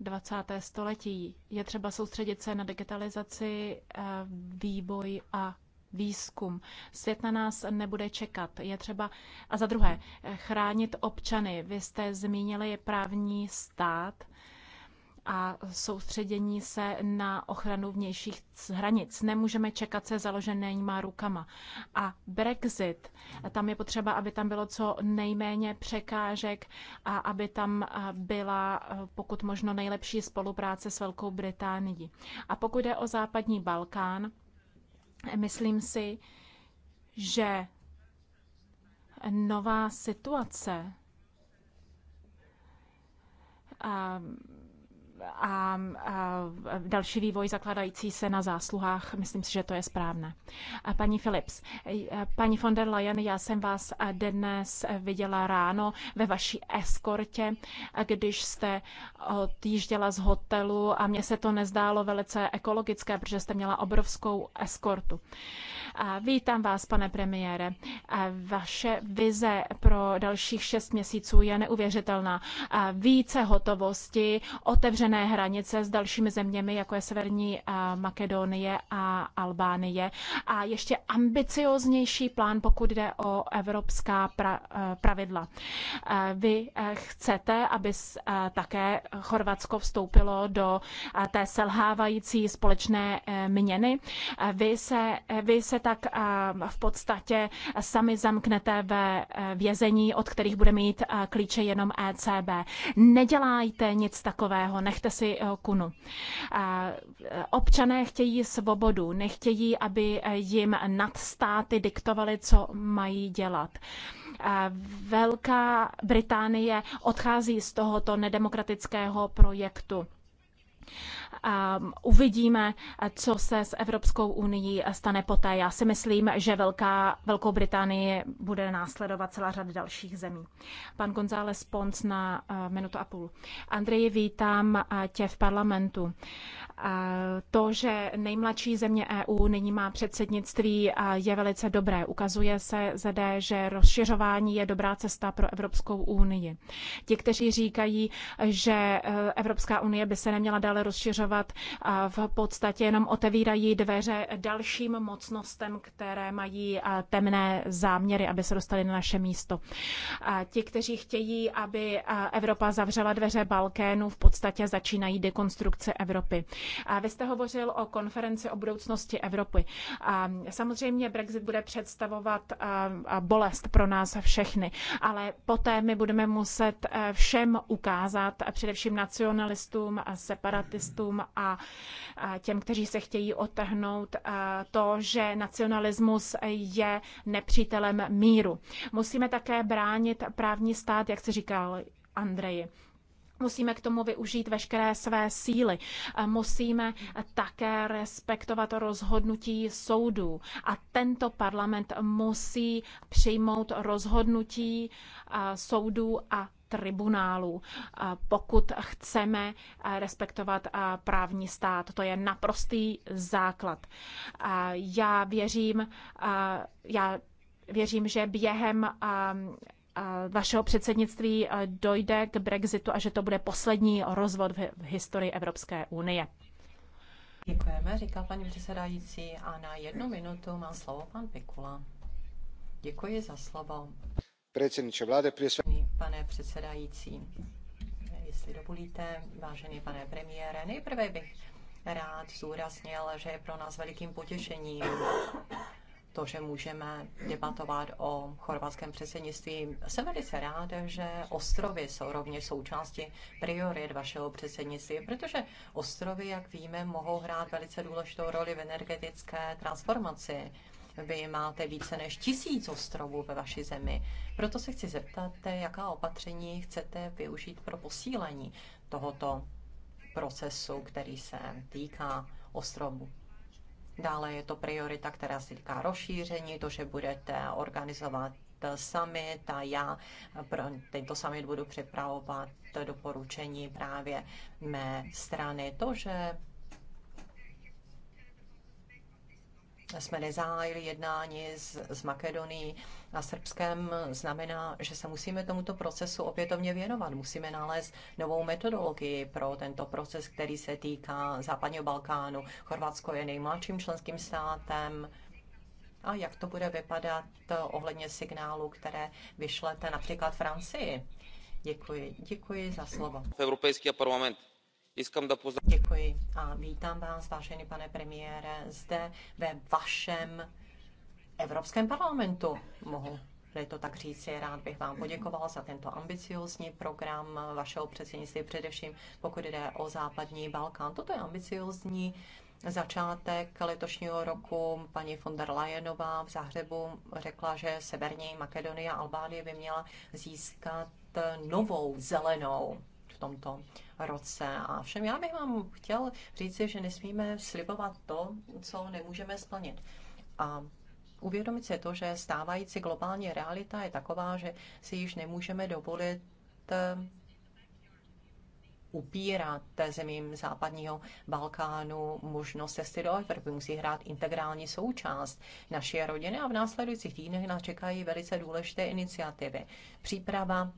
20. století. Je třeba soustředit se na digitalizaci, eh, vývoj a výzkum. Svět na nás nebude čekat. Je třeba, a za druhé, eh, chránit občany. Vy jste zmínili právní stát a soustředění se na ochranu vnějších hranic. Nemůžeme čekat se založenýma rukama. A Brexit, tam je potřeba, aby tam bylo co nejméně překážek a aby tam byla pokud možno nejlepší spolupráce s Velkou Británií. A pokud jde o západní Balkán, myslím si, že nová situace a, další vývoj zakladající se na zásluhách. Myslím si, že to je správné. A paní Philips, paní von der Leyen, já jsem vás dnes viděla ráno ve vaší eskortě, když jste odjížděla z hotelu a mně se to nezdálo velice ekologické, protože jste měla obrovskou eskortu. A vítám vás, pane premiére. A vaše vize pro dalších šest měsíců je neuvěřitelná. A více hotovosti, otevřené společné hranice s dalšími zeměmi, jako je Severní eh, Makedonie a Albánie. A ještě ambicioznější plán, pokud jde o evropská eh, pravidla. Eh, vy chcete, aby také Chorvatsko vstoupilo do té selhávající společné měny. Vy se, vy se tak v podstatě sami zamknete ve vězení, od kterých bude mít klíče jenom ECB. Nedělájte nic takového, nechte Nechte si eh, kunu. Eh, občané chtějí svobodu, nechtějí, aby eh, jim nadstáty diktovali, co mají dělat. Velká Británie odchází z tohoto nedemokratického projektu. Ehm, uvidíme, co se s Evropskou unii stane poté. Já si myslím, že Velká, Velkou Británii bude následovat celá řada dalších zemí. Pan González Pons na eh, minutu a půl. Andreji, vítám eh, tě v parlamentu. To, že nejmladší země EU nyní má předsednictví, je velice dobré. Ukazuje se zde, že rozšiřování je dobrá cesta pro Evropskou unii. Ti, kteří říkají, že e, Evropská unie by se neměla dále rozšiřovat, v podstatě jenom otevírají dveře dalším mocnostem, které mají temné záměry, aby se dostali na naše místo. Ti, kteří chtějí, aby Evropa zavřela dveře Balkénu, v podstatě začínají dekonstrukce Evropy. A vy jste hovořil o konferenci o budoucnosti Evropy. A samozřejmě Brexit bude představovat bolest pro nás všechny, ale poté my budeme muset e, všem ukázat, především nacionalistům, a separatistům a těm, kteří se chtějí otehnout, e, to, že nacionalismus je nepřítelem míru. Musíme také bránit právní stát, jak se říkal Andreji. Musíme k tomu využít veškeré své síly. Musíme také respektovat rozhodnutí soudů. A tento parlament musí přijmout rozhodnutí soudů a tribunálů, pokud chceme respektovat právní stát. To je naprostý základ. Já věřím, já věřím, že během vašeho předsednictví eh, dojde k Brexitu a že to bude poslední rozvod v historii Evropské unie. Děkujeme, říká paní předsedající a na jednu minutu má slovo pan Pikula. Děkuji za slovo. Předsedniče vlády, přes... Pane předsedající, jestli dovolíte, vážený pane premiére, nejprve bych rád zúraznil, že je pro nás velikým potěšením to, že můžeme debatovat o chorvatském předsednictví. Jsem velice ráda, že ostrovy jsou rovněž součástí priorit vašeho předsednictví, protože ostrovy, jak víme, mohou hrát velice důležitou roli v energetické transformaci. Vy máte více než tisíc ostrovů ve vaší zemi. Proto se chci zeptat, jaká opatření chcete využít pro posílení tohoto procesu, který se týká ostrovů. Dále je to priorita, která se týká rozšíření, to, že budete organizovat summit a já pro tento summit budu připravovat doporučení právě mé strany. To, že jsme nezahájili jednání s, s Makedonií na srbském, znamená, že se musíme tomuto procesu opětovně věnovat. Musíme nalézt novou metodologii pro tento proces, který se týká západního Balkánu. Chorvatsko je nejmladším členským státem. A jak to bude vypadat eh, ohledně signálu, které vyšlete například Francii? Děkuji. Děkuji za slovo. Evropský parlament. Děkuji a vítám vás, vážený pane premiére, zde ve vašem Evropském parlamentu. Mohu to tak říci, rád bych vám poděkoval za tento ambiciózní program vašeho předsednictví, především pokud jde o západní Balkán. Toto je ambiciózní začátek letošního roku paní von der Leyenová v Zahřebu řekla, že Severní Makedonie a Albánie by měla získat novou zelenou v tomto roce a všem. Já bych vám chtěl říct, že nesmíme slibovat to, co nemůžeme splnit. A uvědomit si to, že stávající globální realita je taková, že si již nemůžeme dovolit eh, upírat zemím západního Balkánu možnost cesty do Evropy. Musí hrát integrální součást naší rodiny a v následujících týdnech nás čekají velice důležité iniciativy. Příprava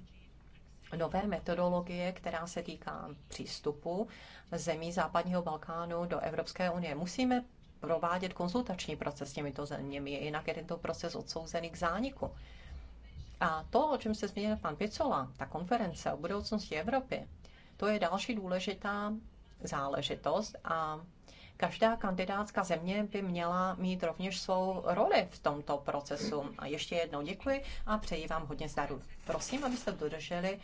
nové metodologie, která se týká přístupu zemí západního Balkánu do Evropské unie. Musíme provádět konzultační proces s těmito zeměmi, jinak je tento proces odsouzený k zániku. A to, o čem se zmínil pan Picola, ta konference o budoucnosti Evropy, to je další důležitá záležitost a každá kandidátská země by měla mít rovněž svou roli v tomto procesu. A ještě jednou děkuji a přeji vám hodně zdaru. Prosím, abyste dodrželi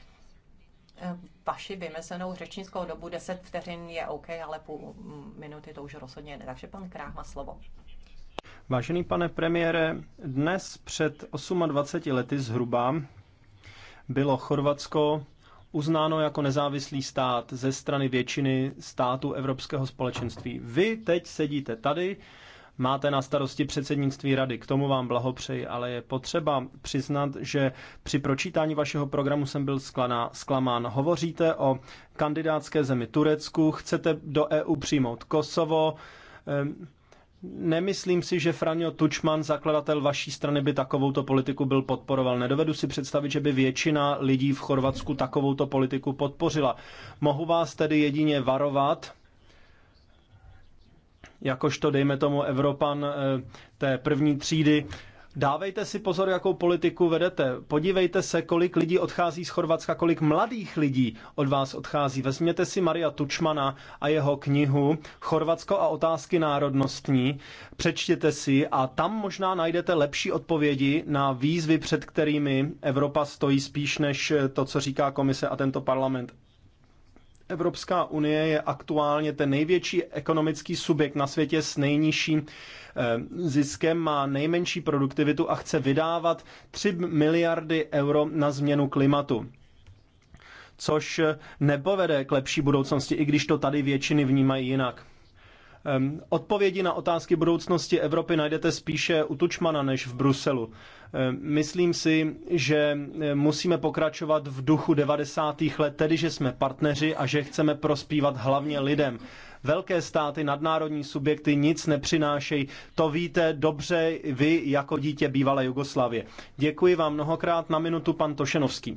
vaši vymezenou řečnickou dobu 10 vteřin je OK, ale půl minuty to už rozhodně ne. Takže pan Krách má slovo. Vážený pane premiére, dnes před 28 lety zhruba bylo Chorvatsko uznáno jako nezávislý stát ze strany většiny států Evropského společenství. Vy teď sedíte tady, máte na starosti předsednictví rady, k tomu vám blahopřeji, ale je potřeba přiznat, že při pročítání vašeho programu jsem byl sklaná, zklamán. Hovoříte o kandidátské zemi Turecku, chcete do EU přijmout Kosovo, ehm, Nemyslím si, že Franjo Tučman, zakladatel vaší strany, by takovouto politiku byl podporoval. Nedovedu si představit, že by většina lidí v Chorvatsku takovouto politiku podpořila. Mohu vás tedy jedině varovat, jakožto, dejme tomu, Evropan eh, té první třídy, Dávejte si pozor, jakou politiku vedete. Podívejte se, kolik lidí odchází z Chorvatska, kolik mladých lidí od vás odchází. Vezměte si Maria Tučmana a jeho knihu Chorvatsko a otázky národnostní. Přečtěte si a tam možná najdete lepší odpovědi na výzvy, před kterými Evropa stojí spíš než to, co říká komise a tento parlament. Evropská unie je aktuálně ten největší ekonomický subjekt na světě s nejnižším eh, ziskem, má nejmenší produktivitu a chce vydávat 3 miliardy euro na změnu klimatu což eh, nepovede k lepší budoucnosti, i když to tady většiny vnímají jinak. Ehm, odpovědi na otázky budoucnosti Evropy najdete spíše u Tučmana než v Bruselu. Ehm, myslím si, že e, musíme pokračovat v duchu 90. let, tedy že jsme partneři a že chceme prospívat hlavně lidem. Velké státy, nadnárodní subjekty nic nepřinášejí. To víte dobře vy jako dítě bývalé Jugoslavie. Děkuji vám mnohokrát na minutu, pan Tošenovský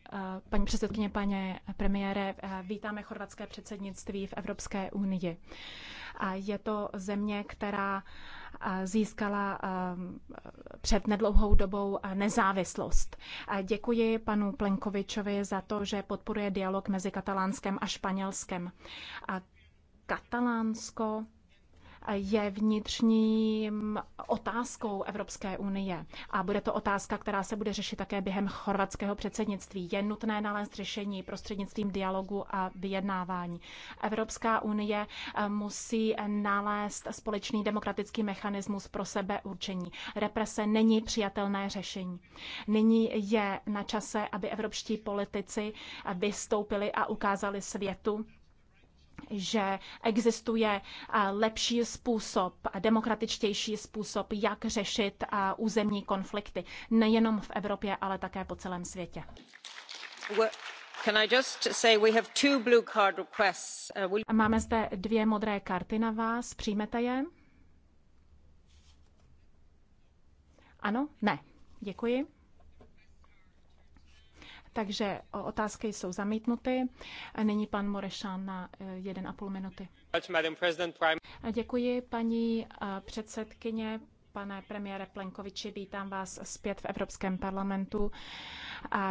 Eh, paní předsedkyně, pane premiére, eh, vítáme chorvatské předsednictví v Evropské unii. Je to země, která eh, získala před nedlouhou dobou nezávislost. Děkuji panu Plenkovičovi za to, že podporuje dialog mezi Katalánskem a Španělskem. Katalánsko je vnitřní otázkou Evropské unie. A bude to otázka, která se bude řešit také během chorvatského předsednictví. Je nutné nalézt řešení prostřednictvím dialogu a vyjednávání. Evropská unie eh, musí nalézt společný demokratický mechanismus pro sebe určení. Represe není přijatelné řešení. Nyní je na čase, aby evropští politici vystoupili a ukázali světu, že existuje eh, lepší způsob, demokratičtější způsob, jak řešit eh, územní konflikty, nejenom v Evropě, ale také po celém světě. Uh, máme zde dvě modré karty na vás, přijmete je? Ano? Ne. Děkuji. Takže otázky jsou zamítnuty. Není pan Morešán na 1,5 eh, minuty. Děkuji, paní eh, předsedkyně. Pane premiére Plenkoviči, vítám vás zpět v Evropském parlamentu.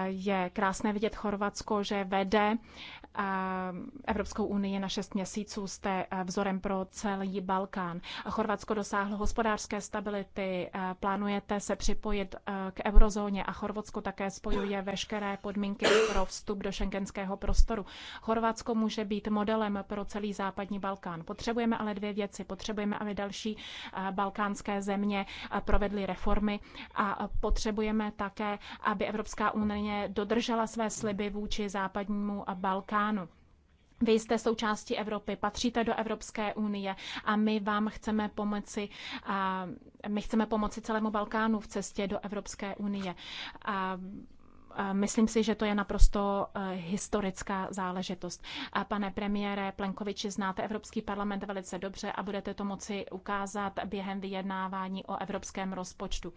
Je krásné vidět Chorvatsko, že vede Evropskou unii na 6 měsíců jste eh, vzorem pro celý Balkán. Chorvatsko dosáhlo hospodářské stability, eh, plánujete se připojit eh, k eurozóně a Chorvatsko také spojuje veškeré podmínky pro vstup do šengenského prostoru. Chorvatsko může být modelem pro celý západní Balkán. Potřebujeme ale dvě věci. Potřebujeme, aby další balkánské země provedly reformy a potřebujeme také, aby Evropská unie dodržela své sliby vůči západnímu Balkánu ráno. Vy jste součástí Evropy, patříte do Evropské unie a my vám chceme pomoci, a my chceme pomoci celému Balkánu v cestě do Evropské unie. A Myslím si, že to je naprosto eh, historická záležitost. Pane premiére Plenkoviči, znáte Evropský parlament velice dobře a budete to moci ukázat během vyjednávání o evropském rozpočtu.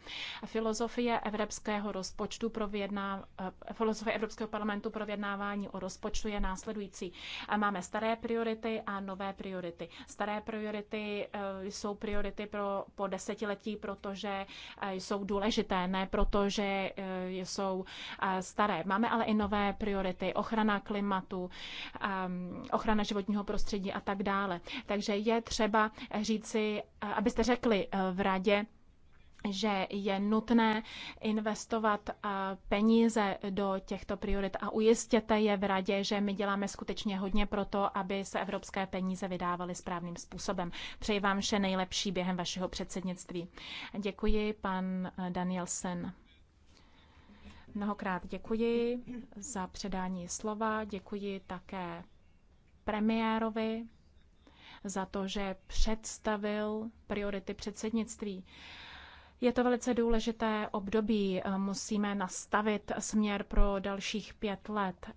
Filozofie evropského rozpočtu pro vyjedná... Eh, filozofie Evropského parlamentu pro vyjednávání o rozpočtu je následující. Máme staré priority a nové priority. Staré priority eh, jsou priority pro, po desetiletí, protože jsou důležité, ne protože jsou staré. Máme ale i nové priority, ochrana klimatu, um, ochrana životního prostředí a tak dále. Takže je třeba říci, eh, abyste řekli eh, v radě, že je nutné investovat eh, peníze do těchto priorit a ujistěte je v radě, že my děláme skutečně hodně pro to, aby se evropské peníze vydávaly správným způsobem. Přeji vám vše nejlepší během vašeho předsednictví. Děkuji, pan Danielsen. Mnohokrát děkuji za předání slova, děkuji také premiérovi za to, že představil priority předsednictví. Je to velice důležité období. Musíme nastavit směr pro dalších pět let.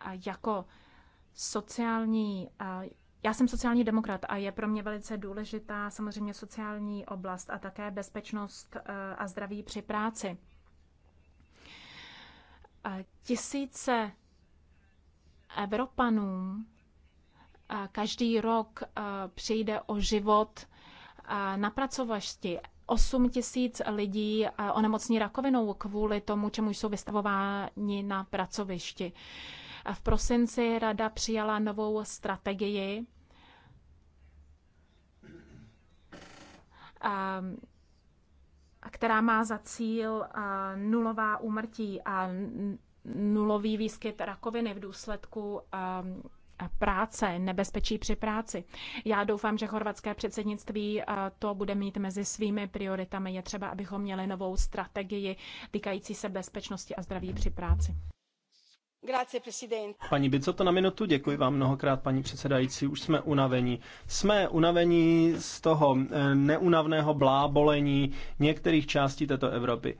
A jako sociální, já jsem sociální demokrat a je pro mě velice důležitá samozřejmě sociální oblast a také bezpečnost a zdraví při práci tisíce Evropanů každý rok přijde o život na pracovašti. 8 tisíc lidí onemocní rakovinou kvůli tomu, čemu jsou vystavováni na pracovišti. V prosinci rada přijala novou strategii která má za cíl nulová úmrtí a nulový výskyt rakoviny v důsledku práce, nebezpečí při práci. Já doufám, že chorvatské předsednictví to bude mít mezi svými prioritami. Je třeba, abychom měli novou strategii týkající se bezpečnosti a zdraví při práci. Paní Bicoto na minutu, děkuji vám mnohokrát, paní předsedající, už jsme unavení. Jsme unavení z toho eh, neunavného blábolení některých částí této Evropy.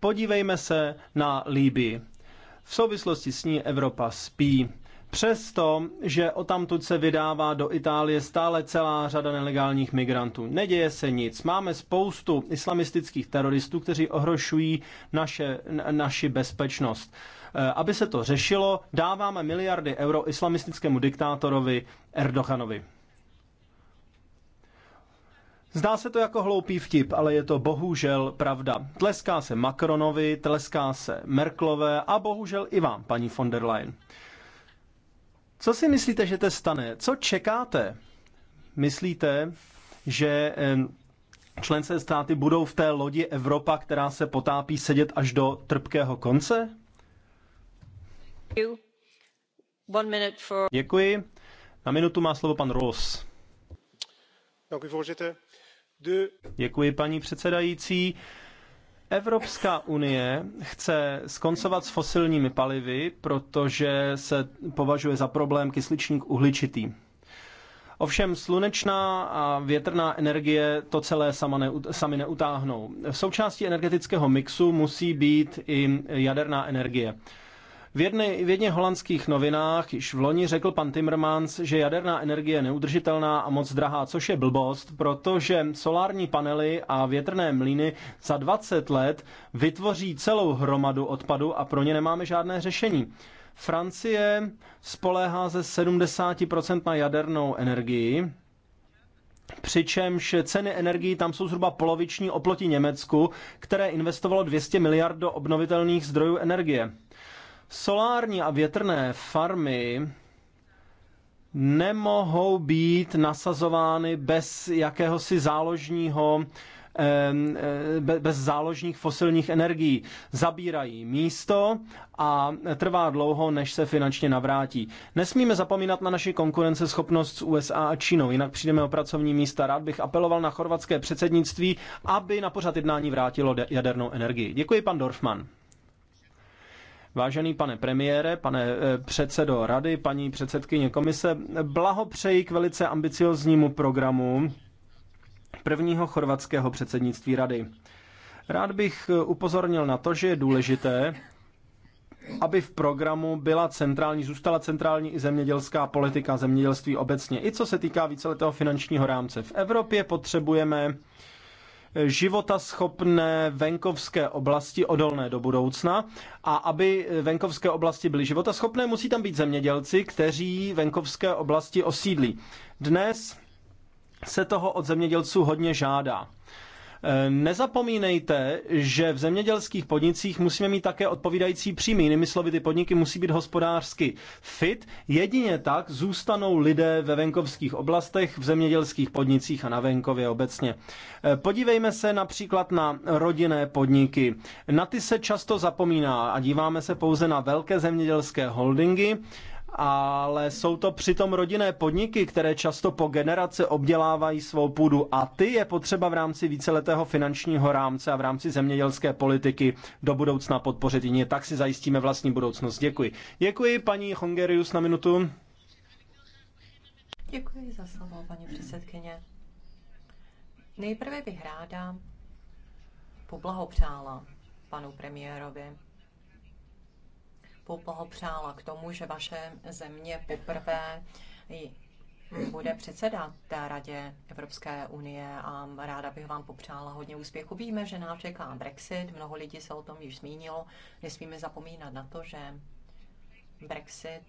Podívejme se na Líbii. V souvislosti s ní Evropa spí. Přesto, že odtamtud se vydává do Itálie stále celá řada nelegálních migrantů. Neděje se nic. Máme spoustu islamistických teroristů, kteří ohrošují naše, naši bezpečnost. Eh, aby se to řešilo, dáváme miliardy euro islamistickému diktátorovi Erdoganovi. Zdá se to jako hloupý vtip, ale je to bohužel pravda. Tleská se Macronovi, tleská se Merklové a bohužel i vám, paní von der Leyen. Co si myslíte, že to stane? Co čekáte? Myslíte, že členské státy budou v té lodi Evropa, která se potápí sedět až do trpkého konce? Děkuji. Na minutu má slovo pan Ross. Děkuji, paní předsedající. Evropská unie chce skoncovat s fosilními palivy, protože se považuje za problém kysličník uhličitý. Ovšem slunečná a větrná energie to celé sama ne, sami neutáhnou. V součástí energetického mixu musí být i jaderná energie. V, jedny, v jedně holandských novinách již v loni řekl pan Timmermans, že jaderná energie je neudržitelná a moc drahá, což je blbost, protože solární panely a větrné mlýny za 20 let vytvoří celou hromadu odpadu a pro ně nemáme žádné řešení. Francie spoléhá ze 70% na jadernou energii, Přičemž ceny energií tam jsou zhruba poloviční oproti Německu, které investovalo 200 miliard do obnovitelných zdrojů energie. Solární a větrné farmy nemohou být nasazovány bez jakéhosi záložního eh, bez záložních fosilních energií. Zabírají místo a trvá dlouho, než se finančně navrátí. Nesmíme zapomínat na naši konkurenceschopnost s USA a Čínou, jinak přijdeme o pracovní místa. Rád bych apeloval na chorvatské předsednictví, aby na pořad jednání vrátilo jadernou energii. Děkuji, pan Dorfman. Vážený pane premiére, pane eh, předsedo rady, paní předsedkyně komise, blahopřeji k velice ambicioznímu programu prvního chorvatského předsednictví rady. Rád bych eh, upozornil na to, že je důležité, aby v programu byla centrální, zůstala centrální i zemědělská politika, zemědělství obecně. I co se týká víceletého finančního rámce. V Evropě potřebujeme životaschopné venkovské oblasti odolné do budoucna. A aby venkovské oblasti byly životaschopné, musí tam být zemědělci, kteří venkovské oblasti osídlí. Dnes se toho od zemědělců hodně žádá. Eh, nezapomínejte, že v zemědělských podnicích musíme mít také odpovídající příjmy. Jinými slovy, ty podniky musí být hospodářsky fit. Jedině tak zůstanou lidé ve venkovských oblastech, v zemědělských podnicích a na venkově obecně. Eh, podívejme se například na rodinné podniky. Na ty se často zapomíná a díváme se pouze na velké zemědělské holdingy ale jsou to přitom rodinné podniky, které často po generace obdělávají svou půdu a ty je potřeba v rámci víceletého finančního rámce a v rámci zemědělské politiky do budoucna podpořit. Jině tak si zajistíme vlastní budoucnost. Děkuji. Děkuji paní Hongerius na minutu. Děkuji za slovo, paní předsedkyně. Nejprve bych ráda poblahopřála panu premiérovi poblahopřála k tomu, že vaše země poprvé bude předsedat té radě Evropské unie a ráda bych vám popřála hodně úspěchu. Víme, že nás čeká Brexit, mnoho lidí se o tom již zmínilo. Nesmíme zapomínat na to, že Brexit,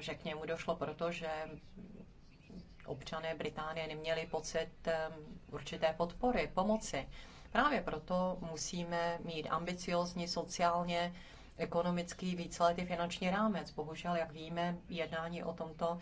že k němu došlo proto, že občané Británie neměli pocit ehm, určité podpory, pomoci. Právě proto musíme mít ambiciozní sociálně ekonomický víceletý finanční rámec. Bohužel, jak víme, jednání o tomto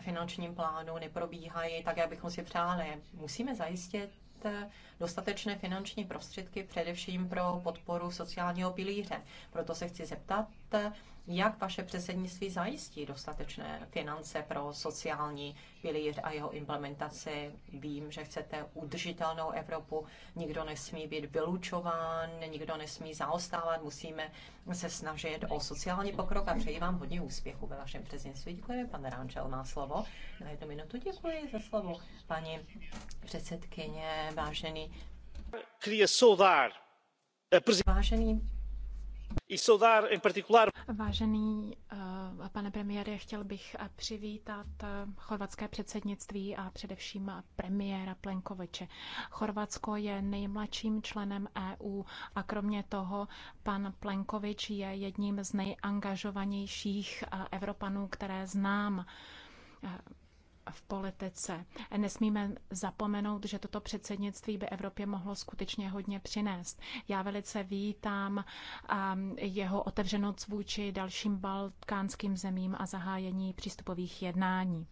finančním plánu neprobíhají tak, jak bychom si přáli. Musíme zajistit eh, dostatečné finanční prostředky především pro podporu sociálního pilíře. Proto se chci zeptat, eh, jak vaše předsednictví zajistí dostatečné finance pro sociální pilíř a jeho implementaci? Vím, že chcete udržitelnou Evropu, nikdo nesmí být vylučován, nikdo nesmí zaostávat, musíme se snažit o sociální pokrok a přeji vám hodně úspěchu ve vašem předsednictví. Děkuji, pan Ránčel má slovo. Na jednu minutu děkuji za slovo, paní předsedkyně, vážený. Vážený Vážený eh, pane premiére, chtěl bych eh, přivítat eh, chorvatské předsednictví a především premiéra Plenkoviče. Chorvatsko je nejmladším členem EU a kromě toho pan Plenkovič je jedním z nejangažovanějších Evropanů, které znám v politice. Nesmíme zapomenout, že toto předsednictví by Evropě mohlo skutečně hodně přinést. Já velice vítám um, jeho otevřenost vůči dalším balkánským zemím a zahájení přístupových jednání.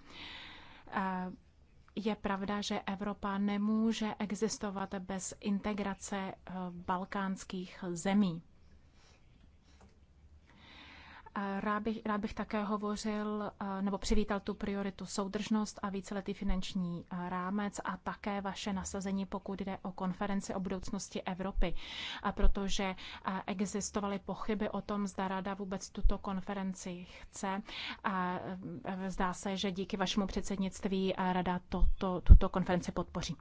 Uh, je pravda, že Evropa nemůže existovat bez integrace uh, balkánských zemí. Rád bych, rád bych také hovořil eh, nebo přivítal tu prioritu soudržnost a víceletý finanční eh, rámec a také vaše nasazení, pokud jde o konferenci o budoucnosti Evropy, a protože eh, existovaly pochyby o tom, zda rada vůbec tuto konferenci chce. A zdá se, že díky vašemu předsednictví rada to, to, tuto konferenci podpoří.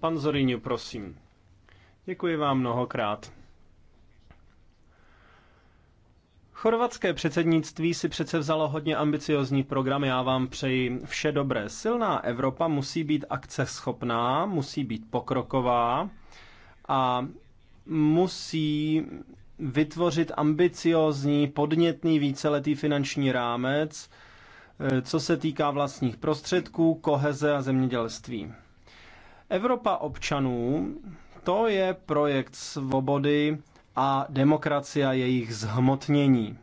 Pan Zorinu, prosím. Děkuji vám mnohokrát. Chorvatské předsednictví si přece vzalo hodně ambiciozní program. Já vám přeji vše dobré. Silná Evropa musí být akceschopná, musí být pokroková a musí vytvořit ambiciozní, podnětný víceletý finanční rámec, eh, co se týká vlastních prostředků, koheze a zemědělství. Evropa občanů, to je projekt svobody, a demokracie a jejich zhmotnění.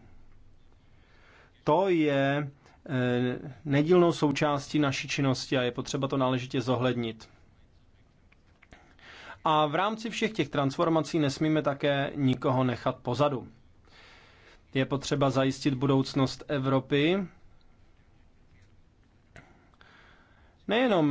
To je eh, nedílnou součástí naší činnosti a je potřeba to náležitě zohlednit. A v rámci všech těch transformací nesmíme také nikoho nechat pozadu. Je potřeba zajistit budoucnost Evropy, nejenom